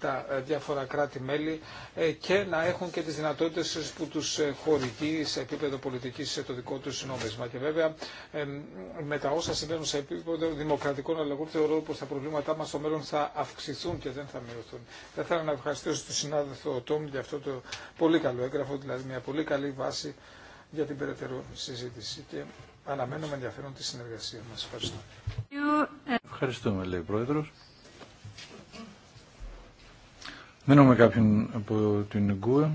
τα διάφορα κράτη-μέλη και να έχουν και τις δυνατότητες που τους χορηγεί σε επίπεδο πολιτικής σε το δικό τους συνόμισμα. Και βέβαια με τα όσα συμβαίνουν σε επίπεδο δημοκρατικών αλλαγών θεωρώ πως τα προβλήματά μας στο μέλλον θα αυξηθούν και δεν θα μειωθούν. Θα ήθελα να ευχαριστήσω τον συνάδελφο Τόμ για αυτό το πολύ καλό έγγραφο, δηλαδή μια πολύ καλή καλή βάση για την περαιτέρω συζήτηση και αναμένω με ενδιαφέρον τη συνεργασία μας. Ευχαριστώ. Ευχαριστούμε, λέει ο Πρόεδρος. Δεν έχουμε κάποιον από την ΕΚΟΕ.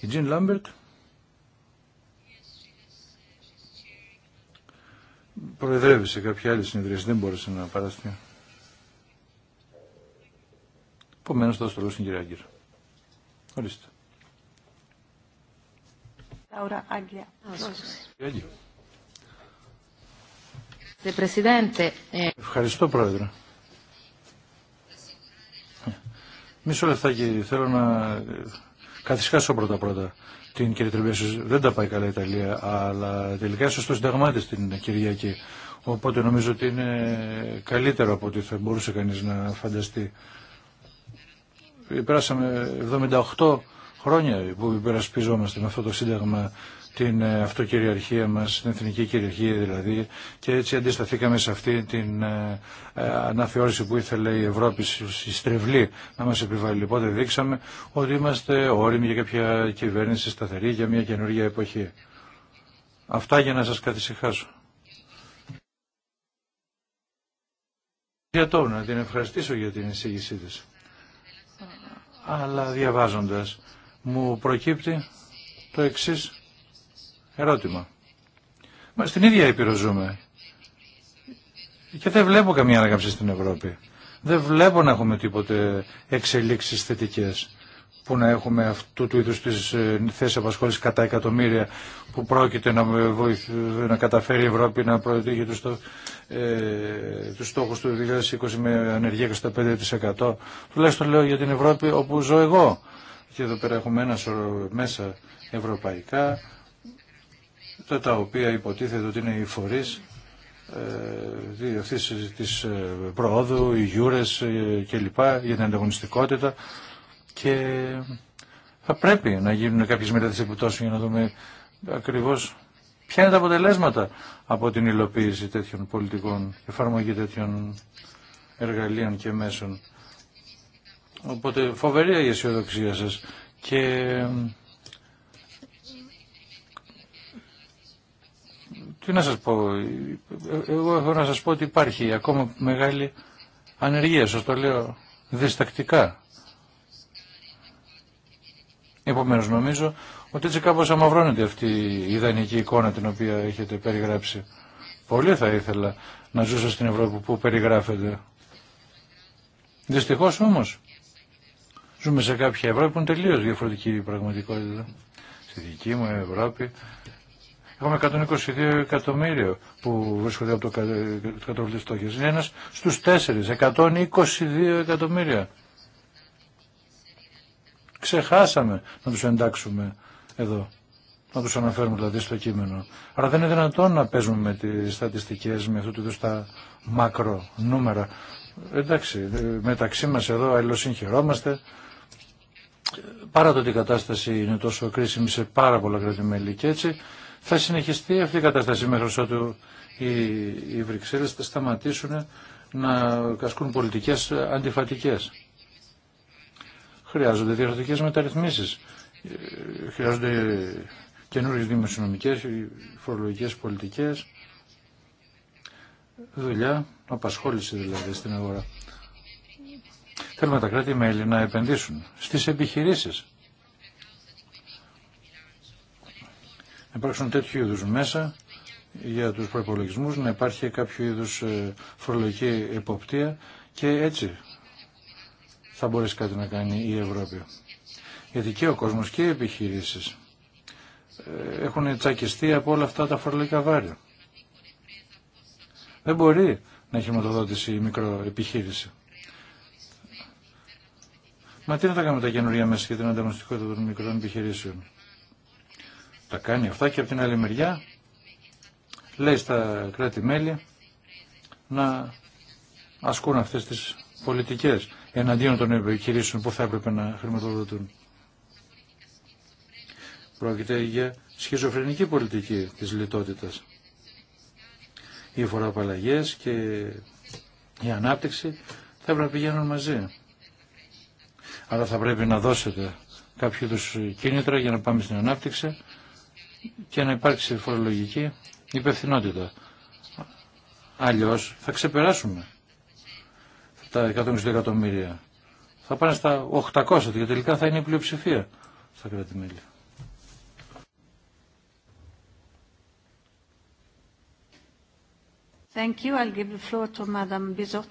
Η Τζιν Λάμπερτ προεδρεύει σε κάποια άλλη συνεδρίαση, δεν μπόρεσε να παραστεί. Επομένω, θα δώσω το λόγο στην κυρία Άγκυρ. Ορίστε. Ε, Ευχαριστώ, Πρόεδρε. Μισό λεφτάκι, θέλω να ε, καθισκάσω πρώτα-πρώτα την κυρία Τρεμπέσου. Δεν τα πάει καλά η Ιταλία, αλλά τελικά είσαι το συνταγμά τη την Κυριακή. Οπότε νομίζω ότι είναι καλύτερο από ό,τι θα μπορούσε κανείς να φανταστεί περάσαμε 78 χρόνια που υπερασπιζόμαστε με αυτό το Σύνταγμα την ε, αυτοκυριαρχία μας, την εθνική κυριαρχία δηλαδή και έτσι αντισταθήκαμε σε αυτή την ε, ε, αναθεώρηση που ήθελε η Ευρώπη στη στρεβλή να μας επιβάλλει. Οπότε δείξαμε ότι είμαστε όριμοι για κάποια κυβέρνηση σταθερή για μια καινούργια εποχή. Αυτά για να σας καθησυχάσω. Για να την ευχαριστήσω για την εισήγησή της αλλά διαβάζοντας μου προκύπτει το εξής ερώτημα. Μα στην ίδια Ήπειρο ζούμε. Και δεν βλέπω καμία ανάκαμψη στην Ευρώπη. Δεν βλέπω να έχουμε τίποτε εξελίξεις θετικές που να έχουμε αυτού του είδους τις ε, θέσεις απασχόλησης κατά εκατομμύρια που πρόκειται να, να καταφέρει η Ευρώπη να προετύχει τους, το, ε, τους στόχους του 2020 με ανεργία 25%. Τουλάχιστον λέω για την Ευρώπη όπου ζω εγώ. Και εδώ πέρα έχουμε ένα σωρό μέσα ευρωπαϊκά, τα, οποία υποτίθεται ότι είναι οι φορείς ε, αυτής της προόδου, οι γιούρες κλπ. για την ανταγωνιστικότητα και θα πρέπει να γίνουν κάποιες μελέτες επιπτώσεων για να δούμε ακριβώς ποια είναι τα αποτελέσματα από την υλοποίηση τέτοιων πολιτικών, εφαρμογή τέτοιων εργαλείων και μέσων. Οπότε φοβερή η αισιοδοξία σας και τι να σας πω, εγώ έχω να σας πω ότι υπάρχει ακόμα μεγάλη ανεργία, σας το λέω διστακτικά. Επομένω, νομίζω ότι έτσι κάπω αμαυρώνεται αυτή η ιδανική εικόνα την οποία έχετε περιγράψει. Πολύ θα ήθελα να ζούσα στην Ευρώπη που περιγράφεται. Δυστυχώ όμω, ζούμε σε κάποια Ευρώπη που είναι τελείω διαφορετική η πραγματικότητα. Στη δική μου Ευρώπη Έχουμε 122 εκατομμύρια που βρίσκονται από το όλη τη Είναι ένας στους τέσσερις, 122 εκατομμύρια ξεχάσαμε να τους εντάξουμε εδώ. Να τους αναφέρουμε δηλαδή στο κείμενο. Άρα δεν είναι δυνατόν να παίζουμε με τις στατιστικές, με αυτού του τα μακρο νούμερα. Εντάξει, ε, μεταξύ μας εδώ αλληλοσυγχαιρόμαστε. Παρά το ότι η κατάσταση είναι τόσο κρίσιμη σε πάρα πολλά κρατημέλη και έτσι θα συνεχιστεί αυτή η κατάσταση μέχρι ότου οι, οι Βρυξέλλες θα σταματήσουν να κασκούν πολιτικές αντιφατικές χρειάζονται διαφορετικέ μεταρρυθμίσεις, ε, χρειάζονται καινούριε δημοσιονομικέ, ε, φορολογικέ πολιτικές, δουλειά, απασχόληση δηλαδή στην αγορά. Θέλουμε τα κράτη-μέλη να επενδύσουν στις επιχειρήσεις. Να υπάρξουν τέτοιου είδους μέσα για τους προπολογισμού, να υπάρχει κάποιο είδους ε, φορολογική εποπτεία και έτσι θα μπορέσει κάτι να κάνει η Ευρώπη. Γιατί και ο κόσμος και οι επιχειρήσεις ε, έχουν τσακιστεί από όλα αυτά τα φορολογικά βάρη. Δεν μπορεί να χρηματοδότηση η μικροεπιχείρηση. Μα τι να τα κάνουμε τα καινούργια μέσα για την ανταγωνιστικότητα των μικρών επιχειρήσεων. Τα κάνει αυτά και από την άλλη μεριά λέει στα κράτη-μέλη να ασκούν αυτές τις πολιτικές εναντίον των επιχειρήσεων που θα έπρεπε να χρηματοδοτούν. Πρόκειται για σχιζοφρενική πολιτική της λιτότητας. Οι φοροαπαλλαγές και η ανάπτυξη θα έπρεπε να πηγαίνουν μαζί. Αλλά θα πρέπει να δώσετε κάποιο είδου κίνητρα για να πάμε στην ανάπτυξη και να υπάρξει φορολογική υπευθυνότητα. Αλλιώς θα ξεπεράσουμε τα 120 εκατομμύρια. Θα πάνε στα 800 και τελικά θα είναι η πλειοψηφία στα κρατη Thank you. I'll give the floor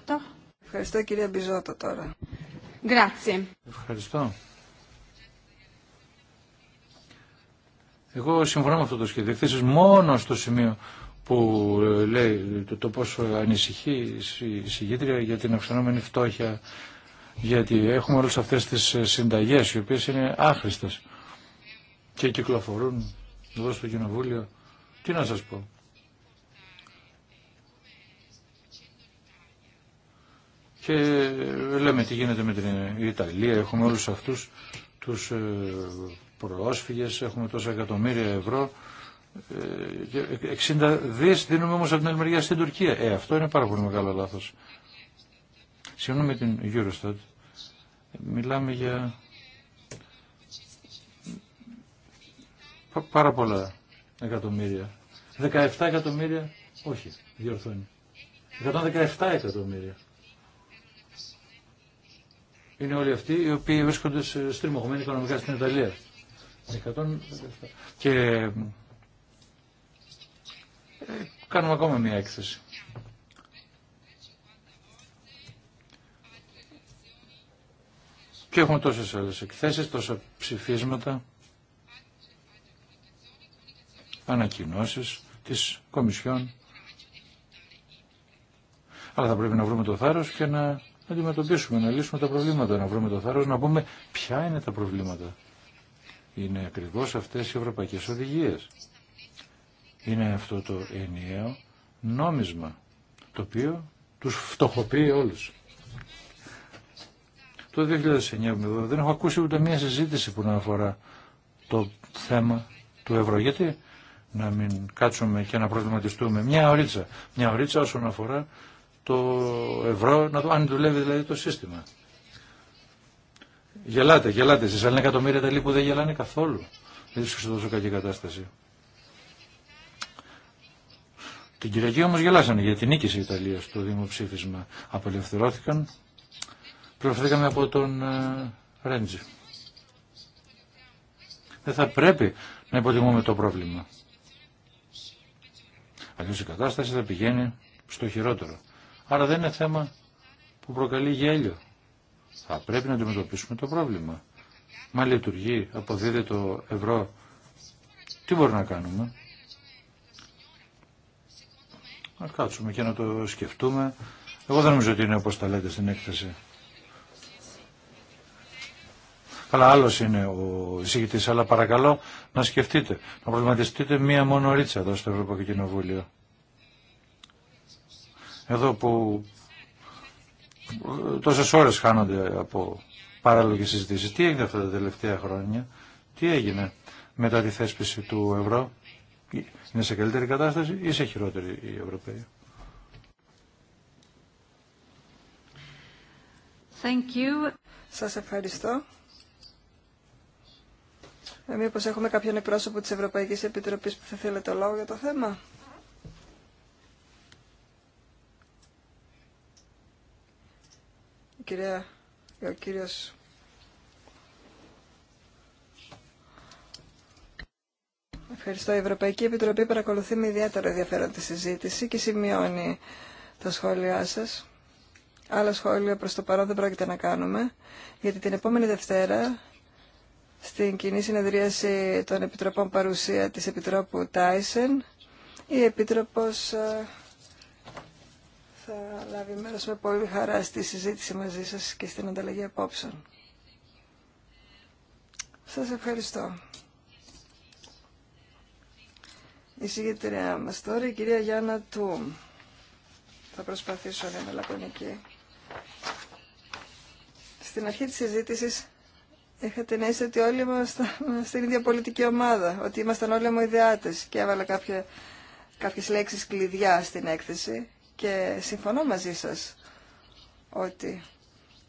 to Ευχαριστώ κυρία Μπιζότο τώρα. Grazie. Ευχαριστώ. Εγώ συμφωνώ με αυτό το σχέδιο. Εκθέσεις μόνο στο σημείο που ε, λέει το, το πόσο ανησυχεί η συγκίτρια για την αυξανόμενη φτώχεια γιατί έχουμε όλες αυτές τις ε, συνταγές οι οποίες είναι άχρηστες και κυκλοφορούν εδώ στο κοινοβούλιο. Τι να σας πω. Και ε, λέμε τι γίνεται με την Ιταλία, έχουμε όλους αυτούς τους πρόσφυγες, έχουμε τόσα εκατομμύρια ευρώ 60 ε, δις δίνουμε όμως από την άλλη μεριά στην Τουρκία. Ε, αυτό είναι πάρα πολύ μεγάλο λάθος. Συγγνώμη με την Eurostat. Μιλάμε για πάρα πολλά εκατομμύρια. 17 εκατομμύρια, όχι, διορθώνει. 117 εκατομμύρια. Είναι όλοι αυτοί οι οποίοι βρίσκονται στριμωγμένοι οικονομικά στην Ιταλία. 117. Και κάνουμε ακόμα μία έκθεση. Και έχουμε τόσες άλλες εκθέσεις, τόσα ψηφίσματα, ανακοινώσεις της Κομισιόν. Αλλά θα πρέπει να βρούμε το θάρρος και να αντιμετωπίσουμε, να λύσουμε τα προβλήματα, να βρούμε το θάρρος, να πούμε ποια είναι τα προβλήματα. Είναι ακριβώς αυτές οι ευρωπαϊκές οδηγίες είναι αυτό το ενιαίο νόμισμα, το οποίο τους φτωχοποιεί όλους. Το 2009 δεν έχω ακούσει ούτε μία συζήτηση που να αφορά το θέμα του ευρώ. Γιατί να μην κάτσουμε και να προβληματιστούμε μια ωρίτσα, μια ωρίτσα όσον αφορά το ευρώ, να το, αν δουλεύει δηλαδή το σύστημα. Γελάτε, γελάτε εσείς, αλλά είναι εκατομμύρια τα που δεν γελάνε καθόλου. Δεν σου δώσω κακή κατάσταση. Την Κυριακή όμως γελάσανε γιατί νίκησε η Ιταλία στο δημοψήφισμα. Απελευθερώθηκαν, Προφερθήκαμε από τον ε, Ρέντζι. Δεν θα πρέπει να υποτιμούμε το πρόβλημα. Αλλιώ η κατάσταση θα πηγαίνει στο χειρότερο. Άρα δεν είναι θέμα που προκαλεί γέλιο. Θα πρέπει να αντιμετωπίσουμε το πρόβλημα. Μα λειτουργεί, αποδίδει το ευρώ. Τι μπορούμε να κάνουμε να κάτσουμε και να το σκεφτούμε. Εγώ δεν νομίζω ότι είναι όπως τα λέτε στην έκθεση. Καλά, άλλο είναι ο εισηγητή, αλλά παρακαλώ να σκεφτείτε, να προβληματιστείτε μία μόνο ρίτσα εδώ στο Ευρωπαϊκό Κοινοβούλιο. Εδώ που τόσε ώρε χάνονται από παράλογε συζητήσει. Τι έγινε αυτά τα τελευταία χρόνια, τι έγινε μετά τη θέσπιση του ευρώ είναι σε καλύτερη κατάσταση ή σε χειρότερη η Ευρωπαίοι. Thank you. Σας ευχαριστώ. Ε, μήπως έχουμε κάποιον εκπρόσωπο της Ευρωπαϊκής Επιτροπής που θα θέλετε το λόγο για το θέμα. κυρία, ο Ευχαριστώ. Η Ευρωπαϊκή Επιτροπή παρακολουθεί με ιδιαίτερο ενδιαφέρον τη συζήτηση και σημειώνει τα σχόλιά σας. Άλλα σχόλια προς το παρόν δεν πρόκειται να κάνουμε, γιατί την επόμενη Δευτέρα στην κοινή συνεδρίαση των Επιτροπών Παρουσία της Επιτρόπου Τάισεν η Επίτροπος ε, θα λάβει μέρος με πολύ χαρά στη συζήτηση μαζί σας και στην ανταλλαγή απόψεων. Σας ευχαριστώ η συγγετριά μας τώρα, η κυρία Γιάννα Τούμ. Θα προσπαθήσω να είμαι λακωνική. Στην αρχή της συζήτησης είχατε να αίσθηση ότι όλοι ήμασταν στην ίδια πολιτική ομάδα, ότι ήμασταν όλοι ιδεάτες και έβαλα κάποια, κάποιες λέξεις κλειδιά στην έκθεση και συμφωνώ μαζί σας ότι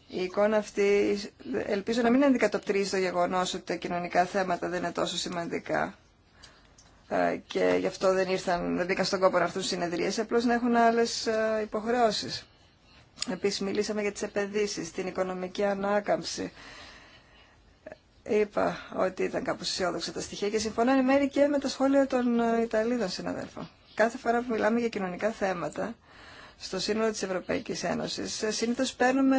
η εικόνα αυτή ελπίζω να μην αντικατοπτρίζει το γεγονός ότι τα κοινωνικά θέματα δεν είναι τόσο σημαντικά ε, και γι' αυτό δεν ήρθαν, δεν μπήκαν στον κόπο να έρθουν συνεδρίε, απλώ να έχουν άλλες ε, υποχρεώσεις. Επίσης μιλήσαμε για τις επενδύσει, την οικονομική ανάκαμψη. Είπα ότι ήταν κάπω αισιόδοξα τα στοιχεία και συμφωνώ εν μέρη και με τα σχόλια των ε, Ιταλίδων συναδέλφων. Κάθε φορά που μιλάμε για κοινωνικά θέματα, στο σύνολο τη Ευρωπαϊκή Ένωση, συνήθω παίρνουμε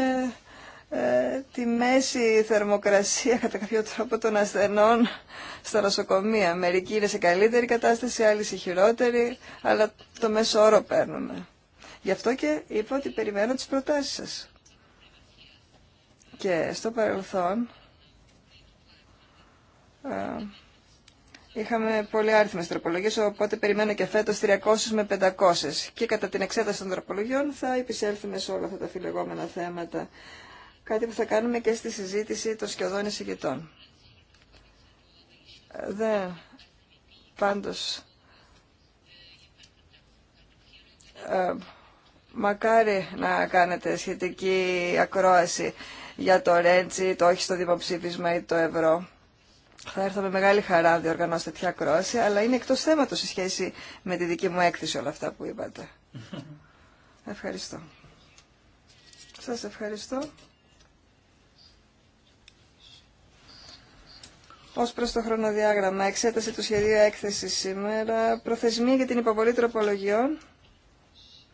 ε, τη μέση θερμοκρασία κατά κάποιο τρόπο των ασθενών στα νοσοκομεία. Μερικοί είναι σε καλύτερη κατάσταση, άλλοι σε χειρότερη, αλλά το μέσο όρο παίρνουμε. Γι' αυτό και είπα ότι περιμένω τις προτάσεις σας. Και στο παρελθόν ε, είχαμε πολύ άριθμες τροπολογίες, οπότε περιμένω και φέτος 300 με 500. Και κατά την εξέταση των τροπολογιών θα επισέλθουμε σε όλα αυτά τα φιλεγόμενα θέματα κάτι που θα κάνουμε και στη συζήτηση των σχεδόν εισηγητών. Δεν, πάντως, ε, μακάρι να κάνετε σχετική ακρόαση για το Ρέντσι, το όχι στο δημοψήφισμα ή το ευρώ. Θα έρθω με μεγάλη χαρά να διοργανώσω τέτοια ακρόαση, αλλά είναι εκτός θέματος η σχέση με τη δική μου έκθεση όλα αυτά που είπατε. Ευχαριστώ. Σας ευχαριστώ. Ω προ το χρονοδιάγραμμα, εξέταση του σχεδίου έκθεσης σήμερα, προθεσμία για την υποβολή τροπολογιών,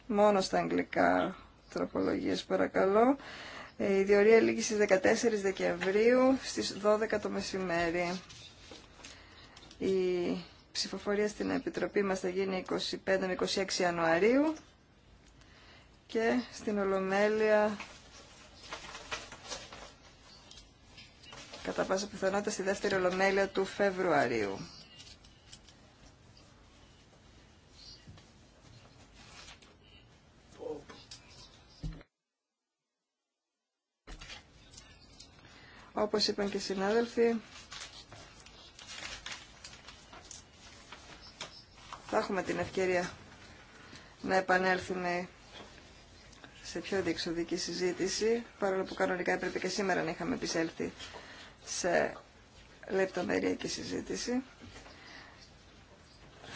μόνο στα αγγλικά τροπολογίες παρακαλώ, ε, η διορία λήγη στι 14 Δεκεμβρίου στις 12 το μεσημέρι. Η ψηφοφορία στην Επιτροπή μας θα γίνει 25 26 Ιανουαρίου και στην Ολομέλεια κατά πάσα πιθανότητα στη δεύτερη ολομέλεια του Φεβρουαρίου. Όπως είπαν και οι συνάδελφοι, θα έχουμε την ευκαιρία να επανέλθουμε σε πιο διεξοδική συζήτηση, παρόλο που κανονικά έπρεπε και σήμερα να είχαμε επισέλθει σε λεπτομεριακή συζήτηση.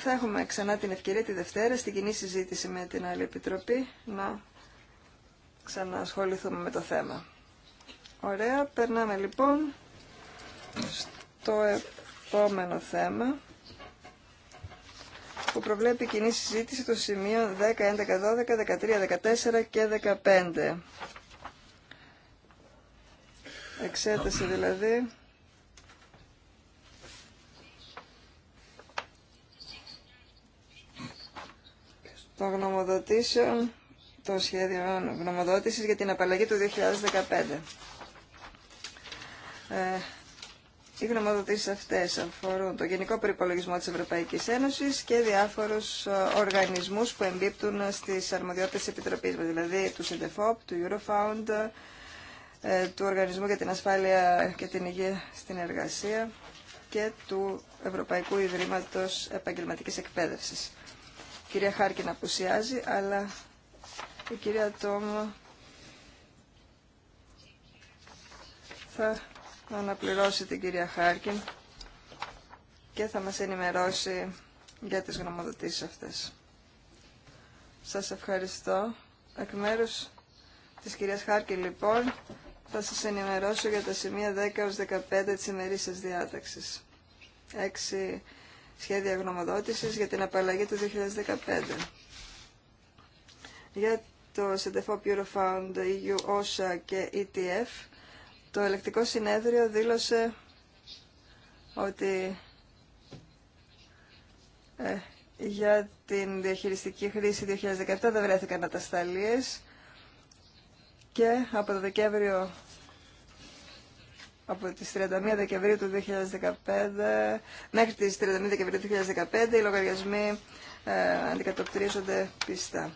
Θα έχουμε ξανά την ευκαιρία τη Δευτέρα στην κοινή συζήτηση με την άλλη Επιτροπή να ξανασχοληθούμε με το θέμα. Ωραία, περνάμε λοιπόν στο επόμενο θέμα που προβλέπει κοινή συζήτηση των σημείων 10, 11, 12, 13, 14 και 15 εξέταση δηλαδή των γνωμοδοτήσεων των σχέδιων γνωμοδότησης για την απαλλαγή του 2015. Ε, οι γνωμοδοτήσεις αυτές αφορούν το Γενικό Περιπολογισμό της Ευρωπαϊκής Ένωσης και διάφορους ε, οργανισμούς που εμπίπτουν στις αρμοδιότητες της Επιτροπής, δηλαδή του ΣΕΝΤΕΦΟΠ, του Eurofound, ε, του Οργανισμού για την Ασφάλεια και την Υγεία στην Εργασία και του Ευρωπαϊκού Ιδρύματος Επαγγελματικής Εκπαίδευσης. Η κυρία Χάρκιν απουσιάζει, αλλά η κυρία τομό θα αναπληρώσει την κυρία Χάρκιν και θα μας ενημερώσει για τις γνωμοδοτήσεις αυτές. Σας ευχαριστώ. Εκ μέρους της κυρίας Χάρκη, λοιπόν, θα σας ενημερώσω για τα σημεία 10-15 της ημερήσιας διάταξης. 6 σχέδια γνωμοδότησης για την απαλλαγή του 2015. Για το Σεντεφό Eurofound EU, OSHA και ETF, το ελεκτικό συνέδριο δήλωσε ότι ε, για την διαχειριστική χρήση 2017 δεν βρέθηκαν ατασταλίες και από το Δεκέμβριο από τις 31 Δεκεμβρίου του 2015 μέχρι τις 31 Δεκεμβρίου του 2015 οι λογαριασμοί ε, αντικατοπτρίζονται πιστά.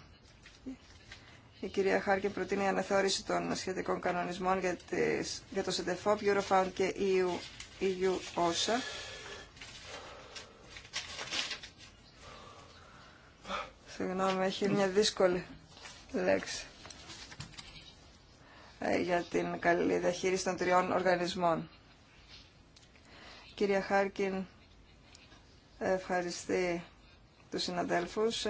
Η κυρία Χάρκιν προτείνει η αναθεώρηση των σχετικών κανονισμών για, τις, για το ΣΕΝΤΕΦΟΠ, Eurofound και EU, EU OSA. Συγγνώμη, έχει μια δύσκολη λέξη. Ε, για την καλή διαχείριση των τριών οργανισμών. Κυρία Χάρκιν, ευχαριστεί τους συναδέλφους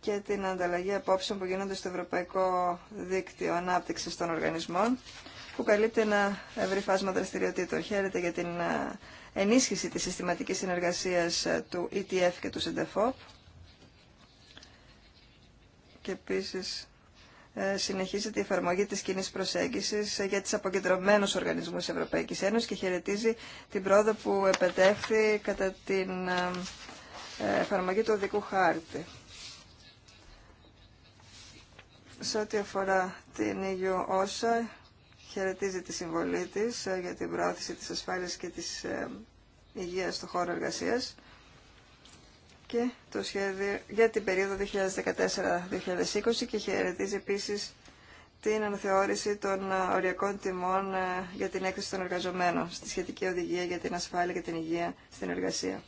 και την ανταλλαγή απόψεων που γίνονται στο Ευρωπαϊκό Δίκτυο Ανάπτυξης των Οργανισμών, που καλύπτει ένα ευρύ φάσμα δραστηριοτήτων. Χαίρεται για την ε, ενίσχυση της συστηματικής συνεργασίας ε, του ETF και του SEDEFOP. Και επίσης ε, συνεχίζεται η εφαρμογή της κοινή προσέγγισης ε, για τις αποκεντρωμένους οργανισμούς Ευρωπαϊκής Ένωσης και χαιρετίζει την πρόοδο που επετέφθη κατά την ε, εφαρμογή του οδικού χάρτη. Σε ό,τι αφορά την ίδιο όσα χαιρετίζει τη συμβολή της για την προώθηση της ασφάλειας και της υγείας στον χώρο εργασίας και το σχέδιο για την περίοδο 2014-2020 και χαιρετίζει επίσης την αναθεώρηση των ε, οριακών τιμών ε, για την έκθεση των εργαζομένων στη σχετική οδηγία για την ασφάλεια και την υγεία στην εργασία.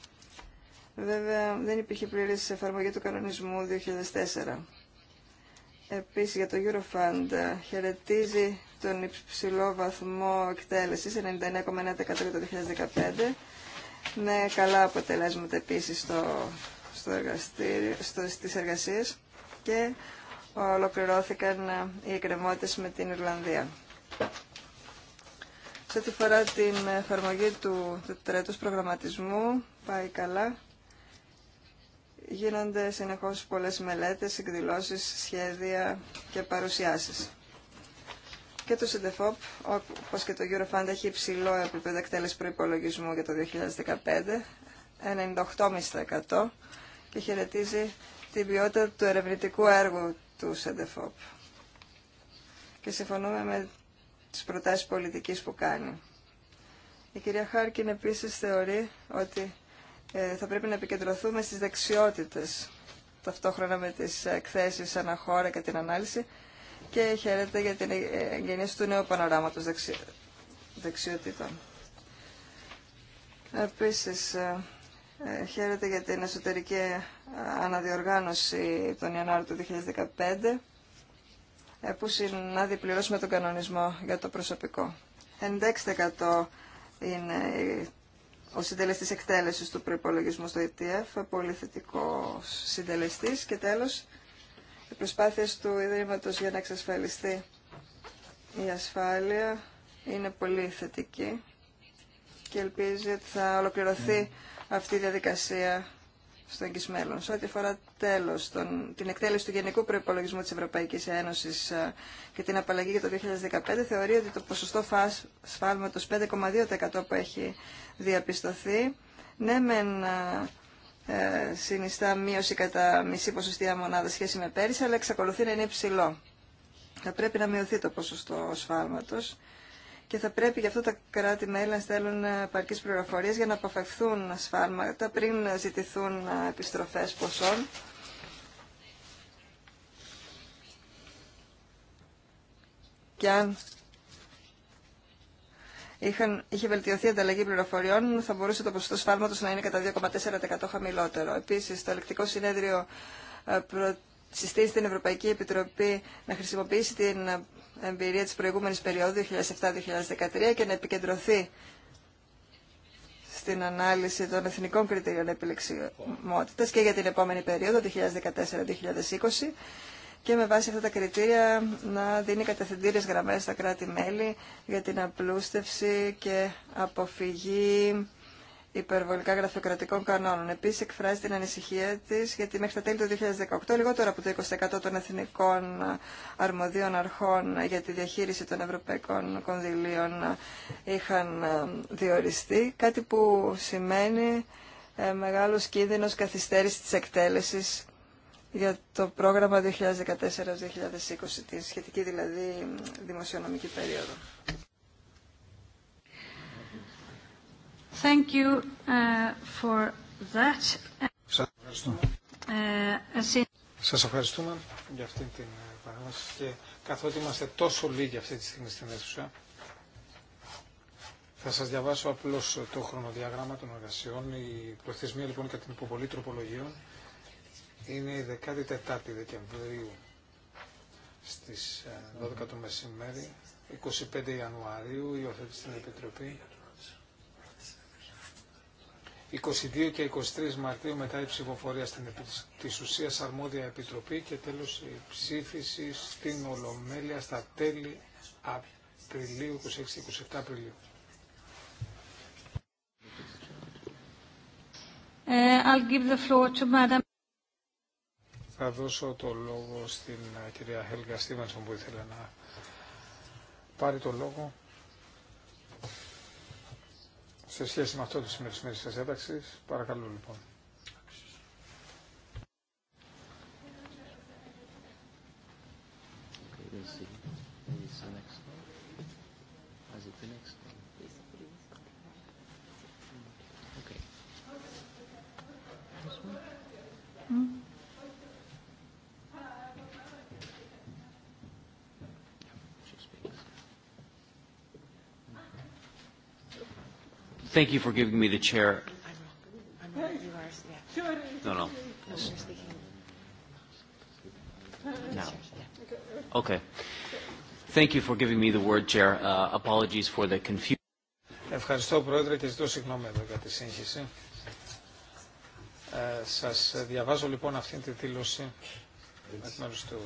Βέβαια, δεν υπήρχε πλήρης εφαρμογή του κανονισμού 2004. Επίσης, για το Eurofund ε, χαιρετίζει τον υψηλό βαθμό εκτέλεσης, 99,9% το 2015, με καλά αποτελέσματα επίσης στο στο εργαστήριο, στο, στις εργασίες και ολοκληρώθηκαν ε, οι εκκρεμότητες με την Ιρλανδία. Σε ό,τι φορά την εφαρμογή του τρέτους προγραμματισμού, πάει καλά. Γίνονται συνεχώς πολλές μελέτες, εκδηλώσεις, σχέδια και παρουσιάσεις. Και το ΣΥΝΤΕΦΟΠ όπως και το Eurofund, έχει υψηλό επίπεδο εκτέλεση προϋπολογισμού για το 2015, 98,5% και χαιρετίζει την ποιότητα του ερευνητικού έργου του ΣΕΝΤΕΦΟΠ. Και συμφωνούμε με τις προτάσεις πολιτικής που κάνει. Η κυρία Χάρκιν επίσης θεωρεί ότι ε, θα πρέπει να επικεντρωθούμε στις δεξιότητες ταυτόχρονα με τις εκθέσεις αναχώρα και την ανάλυση και χαίρεται για την εγγενήση του νέου πανοράματος δεξι... δεξιοτήτων. Επίσης, ε, ε, χαίρεται για την εσωτερική ε, αναδιοργάνωση τον Ιανουάριο του 2015 ε, που συνάδει πληρώς με τον κανονισμό για το προσωπικό. 96% είναι ο συντελεστής εκτέλεσης του προϋπολογισμού στο ETF, πολύ θετικό συντελεστής και τέλος οι προσπάθειες του Ιδρύματος για να εξασφαλιστεί η ασφάλεια είναι πολύ θετική και ελπίζει ότι θα ολοκληρωθεί αυτή η διαδικασία στο εγγύς μέλλον. Σε ό,τι αφορά τέλος, τον, την εκτέλεση του Γενικού Προϋπολογισμού της Ευρωπαϊκής Ένωσης ε, και την απαλλαγή για το 2015, θεωρεί ότι το ποσοστό φάσ, σφάλματος 5,2% που έχει διαπιστωθεί, ναι μεν ε, ε συνιστά μείωση κατά μισή ποσοστία μονάδα σχέση με πέρυσι, αλλά εξακολουθεί να είναι υψηλό. Θα πρέπει να μειωθεί το ποσοστό σφάλματος και θα πρέπει γι' αυτό τα κράτη-μέλη να στέλνουν ε, επαρκείς πληροφορίες για να αποφευθούν σφάλματα πριν ζητηθούν ε, επιστροφές ποσών. Και αν είχαν, είχε βελτιωθεί η ανταλλαγή πληροφοριών, θα μπορούσε το ποσοστό σφάλματος να είναι κατά 2,4% χαμηλότερο. Επίσης, το ελεκτικό συνέδριο ε, προ συστήσει την Ευρωπαϊκή Επιτροπή να χρησιμοποιήσει την εμπειρία της προηγούμενης περίοδου 2007-2013 και να επικεντρωθεί στην ανάλυση των εθνικών κριτηρίων επιλεξιμότητας και για την επόμενη περίοδο 2014-2020 και με βάση αυτά τα κριτήρια να δίνει κατευθυντήριες γραμμές στα κράτη-μέλη για την απλούστευση και αποφυγή υπερβολικά γραφειοκρατικών κανόνων. Επίση, εκφράζει την ανησυχία τη γιατί μέχρι τα τέλη του 2018 λιγότερο από το 20% των εθνικών αρμοδίων αρχών για τη διαχείριση των ευρωπαϊκών κονδυλίων είχαν ε, διοριστεί. Κάτι που σημαίνει ε, μεγάλο κίνδυνο καθυστέρηση τη εκτέλεση για το πρόγραμμα 2014-2020, τη σχετική δηλαδή δημοσιονομική περίοδο. Thank uh, uh, Σας ευχαριστούμε για αυτή την ε, παρέμβαση και καθότι είμαστε τόσο λίγοι αυτή τη στιγμή στην αίθουσα, θα σας διαβάσω απλώς το χρονοδιάγραμμα των εργασιών. Η προθεσμία λοιπόν για την υποβολή τροπολογίων είναι η 14η Δεκεμβρίου στις 12 ε, το μεσημέρι, 25 Ιανουαρίου, υιοθέτηση στην Επιτροπή 22 και 23 Μαρτίου μετά η ψηφοφορία στην της ουσίας αρμόδια επιτροπή και τέλος η ψήφιση στην Ολομέλεια στα τέλη Απριλίου, 26-27 Απριλίου. Ε, Θα δώσω το λόγο στην κυρία Χέλγα Στίβανσον που ήθελε να πάρει το λόγο σε σχέση με αυτό το σημείο τη ένταξη. ένταξης. Παρακαλώ λοιπόν. Ευχαριστώ, Πρόεδρε, και ζητώ συγγνώμη για τη σύγχυση. Ε, σας διαβάζω λοιπόν αυτήν τη δήλωση εκ μέρους του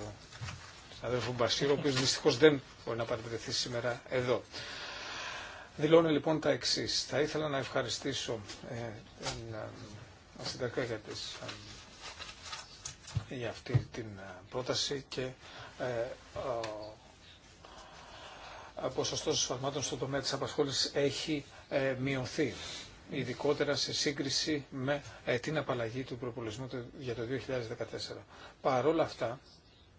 αδερφού Μπασίρου, ο οποίος δεν μπορεί να παρευρεθεί σήμερα εδώ. Δηλώνω, λοιπόν τα εξή. Θα ήθελα να ευχαριστήσω ε, την ε, για, ε, για αυτή την ε, πρόταση και ε, ο ποσοστό σφαλμάτων στον τομέα της απασχόλησης έχει μειωθεί ειδικότερα σε σύγκριση με την απαλλαγή του προπολισμού για το 2014. Παρόλα αυτά,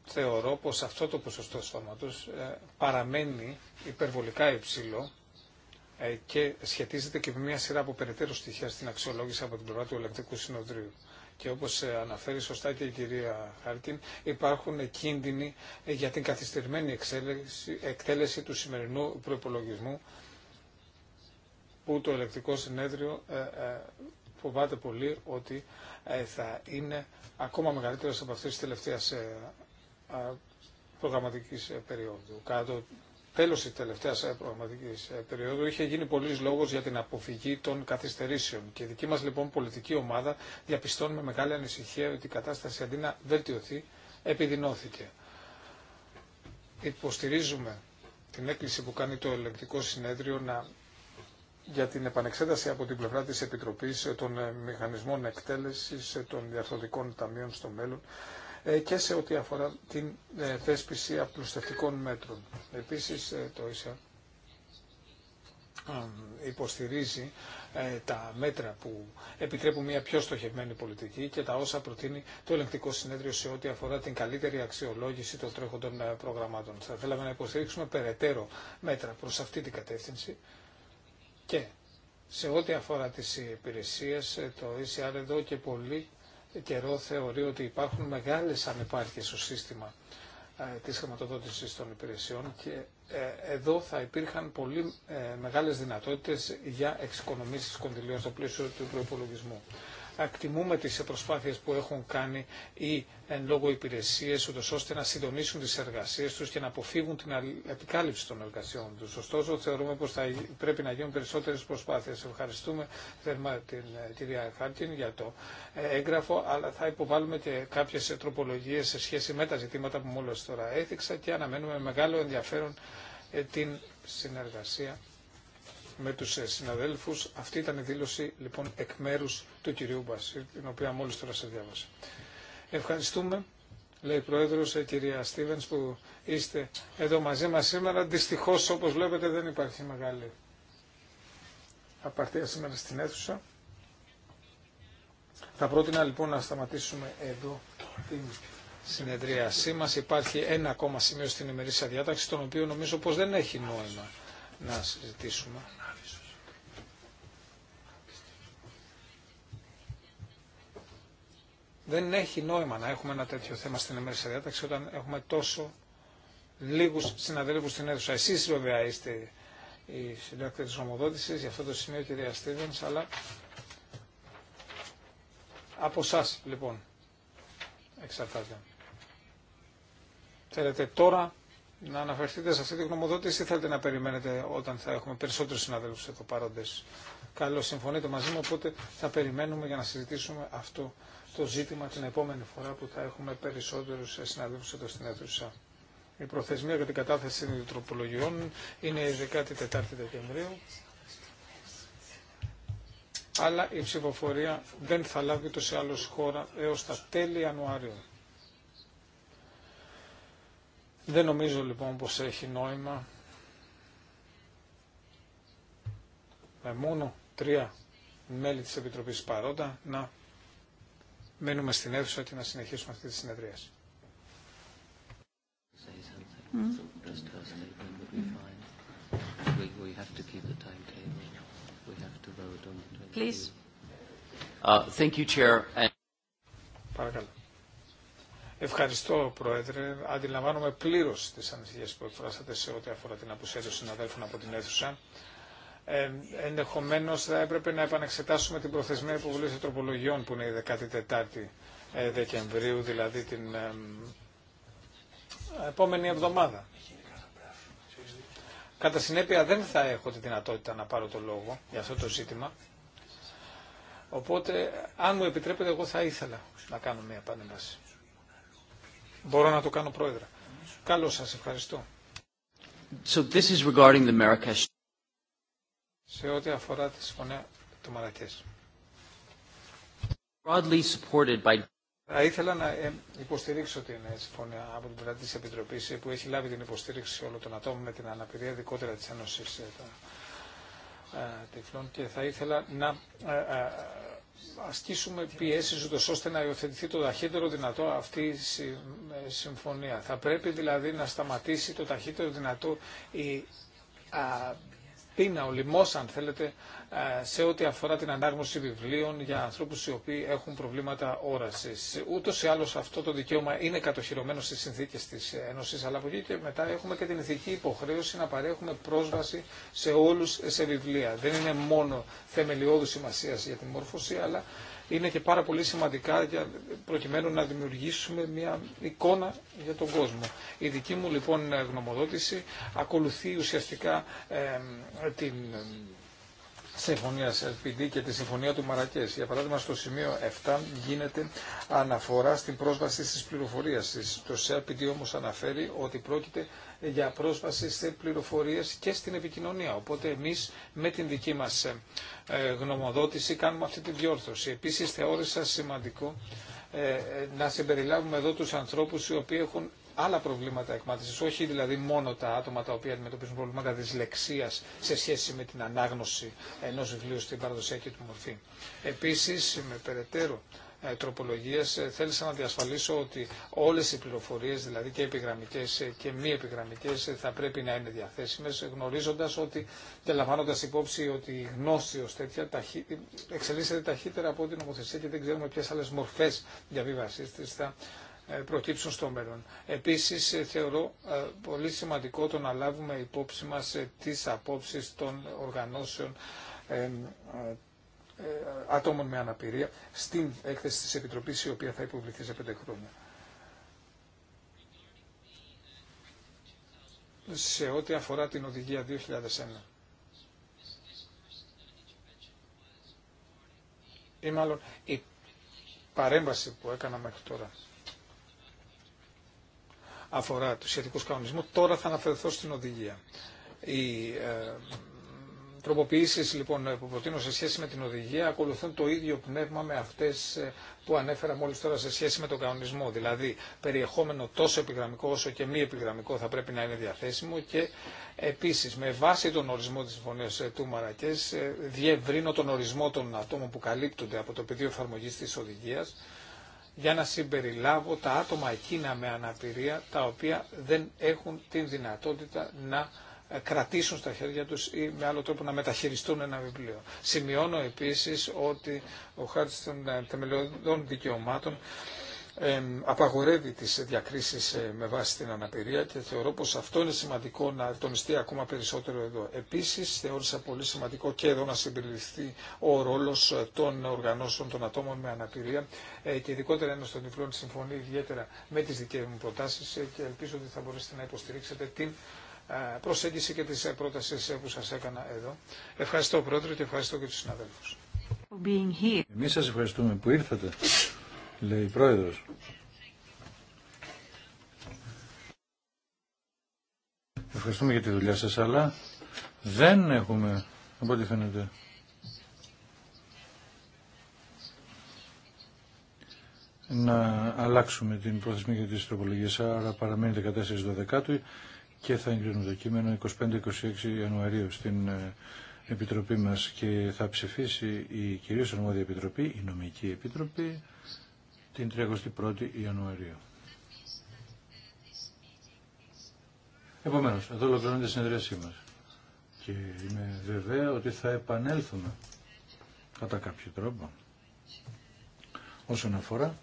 θεωρώ πως αυτό το ποσοστό ε, παραμένει υπερβολικά υψηλό ε, και σχετίζεται και με μια σειρά από περαιτέρω στοιχεία στην αξιολόγηση από την πλευρά του Ελεκτρικού Συνοδρίου. Και όπως ε, αναφέρει σωστά και η κυρία Χάρκιν, υπάρχουν κίνδυνοι ε, για την καθυστερημένη εκτέλεση του σημερινού προπολογισμού που το Ελεκτικό Συνέδριο φοβάται πολύ ότι θα είναι ακόμα μεγαλύτερος από αυτές τι τελευταία προγραμματικής περίοδου. Κάτω Τέλο τη τελευταία ε, προγραμματική ε, περίοδου είχε γίνει πολλή λόγο για την αποφυγή των καθυστερήσεων και η δική μα λοιπόν πολιτική ομάδα διαπιστώνει με μεγάλη ανησυχία ότι η κατάσταση αντί να βελτιωθεί επιδεινώθηκε. Υποστηρίζουμε την έκκληση που κάνει το ελεγκτικό συνέδριο να για την επανεξέταση από την πλευρά τη Επιτροπής ε, των μηχανισμών εκτέλεση των διαρθρωτικών ταμείων στο μέλλον ε, και σε ό,τι αφορά την ε, θέσπιση απλουστευτικών μέτρων. Επίσης, ε, το ΙΣΑ υποστηρίζει τα μέτρα που επιτρέπουν μια πιο στοχευμένη πολιτική και τα όσα προτείνει το ελεγκτικό συνέδριο σε ό,τι αφορά την καλύτερη αξιολόγηση των τρέχοντων προγραμμάτων. Θα θέλαμε να υποστηρίξουμε περαιτέρω μέτρα προς αυτή την κατεύθυνση και σε ό,τι αφορά τις υπηρεσίες, το ECR εδώ και πολύ καιρό θεωρεί ότι υπάρχουν μεγάλες ανεπάρκειες στο σύστημα ε, της χρηματοδότησης των υπηρεσιών και ε, εδώ θα υπήρχαν πολύ ε, μεγάλες δυνατότητες για εξοικονομήσεις κονδυλίων στο πλαίσιο του προπολογισμού. Ακτιμούμε τις προσπάθειες που έχουν κάνει οι εν λόγω υπηρεσίες, ούτως ώστε να συντονίσουν τις εργασίες τους και να αποφύγουν την επικάλυψη των εργασιών τους. Ωστόσο, θεωρούμε πως θα πρέπει να γίνουν περισσότερες προσπάθειες. Ευχαριστούμε θερμά την ε, κυρία Χάρτιν για το ε, έγγραφο, αλλά θα υποβάλουμε και κάποιες ε, τροπολογίες σε σχέση με τα ζητήματα που μόλις τώρα έθιξα και αναμένουμε με μεγάλο ενδιαφέρον την συνεργασία με τους ε, συναδέλφους. Αυτή ήταν η δήλωση λοιπόν εκ μέρους του κυρίου Μπασίρ, την οποία μόλις τώρα σε διάβασα. Ευχαριστούμε, λέει η Πρόεδρος, η ε, κυρία Στίβενς, που είστε εδώ μαζί μας σήμερα. Δυστυχώς, όπως βλέπετε, δεν υπάρχει μεγάλη απαρτία σήμερα στην αίθουσα. Θα πρότεινα λοιπόν να σταματήσουμε εδώ την συνεδρίασή μας. Υπάρχει ένα ακόμα σημείο στην ημερήσια διάταξη, τον οποίο νομίζω πως δεν έχει νόημα να συζητήσουμε. δεν έχει νόημα να έχουμε ένα τέτοιο θέμα στην ημέρησια διάταξη όταν έχουμε τόσο λίγους συναδέλφους στην αίθουσα. Εσείς βέβαια είστε οι συντάκτε της ομοδότησης, για αυτό το σημείο κυρία Στίβενς, αλλά από εσά λοιπόν εξαρτάται. Θέλετε τώρα να αναφερθείτε σε αυτή τη γνωμοδότηση ή θέλετε να περιμένετε όταν θα έχουμε περισσότερους συναδέλφους εδώ παρόντες. Καλώς συμφωνείτε μαζί μου, οπότε θα περιμένουμε για να συζητήσουμε αυτό το ζήτημα την επόμενη φορά που θα έχουμε περισσότερους συναδέλφους εδώ στην αίθουσα. Η προθεσμία για την κατάθεση των τροπολογιών είναι η 14η Δεκεμβρίου, αλλά η ψηφοφορία δεν θα λάβει το σε άλλος χώρα έως τα τέλη Ιανουαρίου. Δεν νομίζω λοιπόν πως έχει νόημα με μόνο τρία μέλη της Επιτροπής παρόντα να μένουμε στην αίθουσα και να συνεχίσουμε αυτή τη συνεδρία. Please. Uh, thank you, Chair. Παρακαλώ. Ευχαριστώ, Πρόεδρε. Αντιλαμβάνομαι πλήρω τι ανησυχίε που εκφράσατε σε ό,τι αφορά την απουσία των συναδέλφων από την αίθουσα. Ε, Ενδεχομένω θα έπρεπε να επανεξετάσουμε την προθεσμία υποβολή τροπολογιών που είναι η 14η ε, Δεκεμβρίου, δηλαδή την ε, επόμενη εβδομάδα. Κατά συνέπεια δεν θα έχω τη δυνατότητα να πάρω το λόγο για αυτό το ζήτημα. Οπότε, αν μου επιτρέπετε, εγώ θα ήθελα να κάνω μια επανέμβαση. Μπορώ να το κάνω πρόεδρε. Καλώς σας, ευχαριστώ. So this is regarding the Marrakesh. Σε ό,τι αφορά τη συμφωνία του Μαρακές. Broadly supported by... Θα ήθελα να ε, υποστηρίξω την ε, συμφωνία από την πλευρά τη Επιτροπή ε, που έχει λάβει την υποστήριξη όλων των ατόμων με την αναπηρία δικότερα τη Ένωση Τυφλών και θα ήθελα να ασκήσουμε πιέσεις ούτως ώστε να υιοθετηθεί το ταχύτερο δυνατό αυτή η ε, συμφωνία. Θα πρέπει δηλαδή να σταματήσει το ταχύτερο δυνατό η πείνα, ο λοιμό, αν θέλετε, ε, σε ό,τι αφορά την ανάγνωση βιβλίων για ανθρώπους οι οποίοι έχουν προβλήματα όρασης. Ούτως ή άλλως αυτό το δικαίωμα είναι κατοχυρωμένο στις συνθήκες της Ένωσης, αλλά από εκεί και μετά έχουμε και την ηθική υποχρέωση να παρέχουμε πρόσβαση σε όλους σε βιβλία. Δεν είναι μόνο θεμελιώδου σημασία για τη μόρφωση, αλλά είναι και πάρα πολύ σημαντικά για, προκειμένου να δημιουργήσουμε μια εικόνα για τον κόσμο. Η δική μου λοιπόν γνωμοδότηση ακολουθεί ουσιαστικά την συμφωνία LPD και τη συμφωνία του Μαρακέ. Για παράδειγμα, στο σημείο 7 γίνεται αναφορά στην πρόσβαση στι πληροφορίε. Το CRPD όμω αναφέρει ότι πρόκειται για πρόσβαση σε πληροφορίε και στην επικοινωνία. Οπότε εμεί με την δική μα ε, ε, γνωμοδότηση κάνουμε αυτή τη διόρθωση. Επίση, θεώρησα σημαντικό ε, να συμπεριλάβουμε εδώ τους ανθρώπους οι οποίοι έχουν άλλα προβλήματα εκμάθηση, όχι δηλαδή μόνο τα άτομα τα οποία αντιμετωπίζουν προβλήματα δυσλεξία σε σχέση με την ανάγνωση ενό βιβλίου στην παραδοσιακή του μορφή. Επίση, με περαιτέρω ε, τροπολογίες ε, θέλησα να διασφαλίσω ότι όλε οι πληροφορίε, δηλαδή και επιγραμμικέ ε, και μη επιγραμμικέ, θα πρέπει να είναι διαθέσιμε, γνωρίζοντα ότι και λαμβάνοντα υπόψη ότι η γνώση ω τέτοια ταχύ, εξελίσσεται ταχύτερα από την νομοθεσία και δεν ξέρουμε ποιε άλλε μορφέ διαβίβασή τη. θα ε, προκύψουν στο μέλλον. Επίσης ε, θεωρώ ε, πολύ σημαντικό το να λάβουμε υπόψη μας τις απόψεις των οργανώσεων ατόμων με αναπηρία στην έκθεση της Επιτροπής η οποία θα υποβληθεί σε πέντε χρόνια. σε ό,τι αφορά την οδηγία 2001. Ή μάλλον η παρέμβαση που έκανα μέχρι τώρα αφορά του σχετικού κανονισμού, Τώρα θα αναφερθώ στην οδηγία. Οι ε, τροποποιήσεις λοιπόν που προτείνω σε σχέση με την οδηγία ακολουθούν το ίδιο πνεύμα με αυτές ε, που ανέφερα μόλις τώρα σε σχέση με τον κανονισμό. Δηλαδή περιεχόμενο τόσο επιγραμμικό όσο και μη επιγραμμικό θα πρέπει να είναι διαθέσιμο και επίση, με βάση τον ορισμό τη συμφωνία ε, του Μαρακέ, ε, διευρύνω τον ορισμό των ατόμων που καλύπτονται από το πεδίο εφαρμογή τη οδηγία για να συμπεριλάβω τα άτομα εκείνα με αναπηρία τα οποία δεν έχουν την δυνατότητα να ε, κρατήσουν στα χέρια τους ή με άλλο τρόπο να μεταχειριστούν ένα βιβλίο. Σημειώνω επίσης ότι ο χάρτης των ε, θεμελιωδών δικαιωμάτων απαγορεύει τις διακρίσεις ε, με βάση την αναπηρία και θεωρώ πως αυτό είναι σημαντικό να τονιστεί ακόμα περισσότερο εδώ. Επίσης θεώρησα πολύ σημαντικό και εδώ να συμπεριληφθεί ο ρόλος ε, των οργανώσεων των ατόμων με αναπηρία ε, και ειδικότερα ένας των τυφλών συμφωνεί ιδιαίτερα με τις δικές μου προτάσεις και ελπίζω ότι θα μπορέσετε να υποστηρίξετε την προσέγγιση και τις πρότασεις που σας έκανα εδώ. Ευχαριστώ Πρόεδρε και ευχαριστώ και τους συναδέλφους. Εμείς σας ευχαριστούμε που ήρθατε λέει Πρόεδρος. Ευχαριστούμε για τη δουλειά σας, αλλά δεν έχουμε, από ό,τι φαίνεται. να αλλάξουμε την πρόθεσμη για τις τροπολογίες, άρα παραμένει 14-12 και θα εγκρίνουμε το κείμενο 25-26 Ιανουαρίου στην ε, Επιτροπή μας και θα ψηφίσει η κυρίως αρμόδια Επιτροπή, η Νομική Επιτροπή, την 31η Ιανουαρίου. Επομένως, εδώ ολοκληρώνεται η συνεδρίασή μας. Και είμαι βεβαία ότι θα επανέλθουμε κατά κάποιο τρόπο όσον αφορά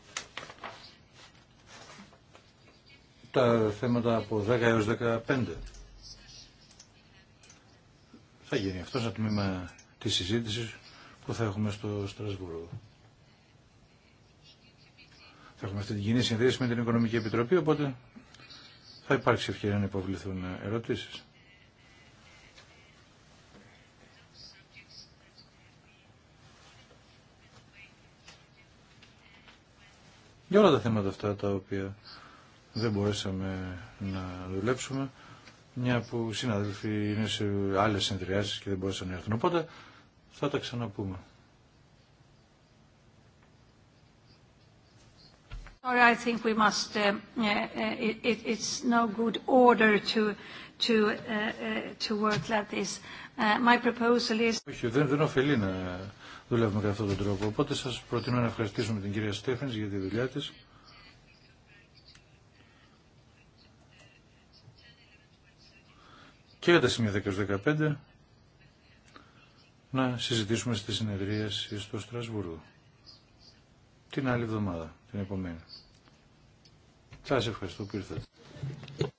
τα θέματα από 10 έως 15. Θα γίνει αυτό ένα τμήμα της συζήτησης που θα έχουμε στο Στρασβούργο έχουμε αυτή την κοινή συνδέση με την Οικονομική Επιτροπή, οπότε θα υπάρξει ευκαιρία να υποβληθούν ερωτήσεις. Για όλα τα θέματα αυτά τα οποία δεν μπορέσαμε να δουλέψουμε, μια που συνάδελφοι είναι σε άλλες συνεδριάσεις και δεν μπορούσαν να έρθουν, οπότε θα τα ξαναπούμε. Sorry, I think we must. Uh, uh, uh, it's no good order to work like this. My proposal is. Όχι, δεν ωφελεί να δουλεύουμε κατά αυτόν τον τρόπο. Οπότε σας προτείνω να ευχαριστήσουμε την κυρία Στέφανης για τη δουλειά της. Και για τα σημεία 10-15 να συζητήσουμε στη συνεδρίαση στο Στρασβούργο την άλλη εβδομάδα την επομένη. Σας ευχαριστώ που ήρθατε.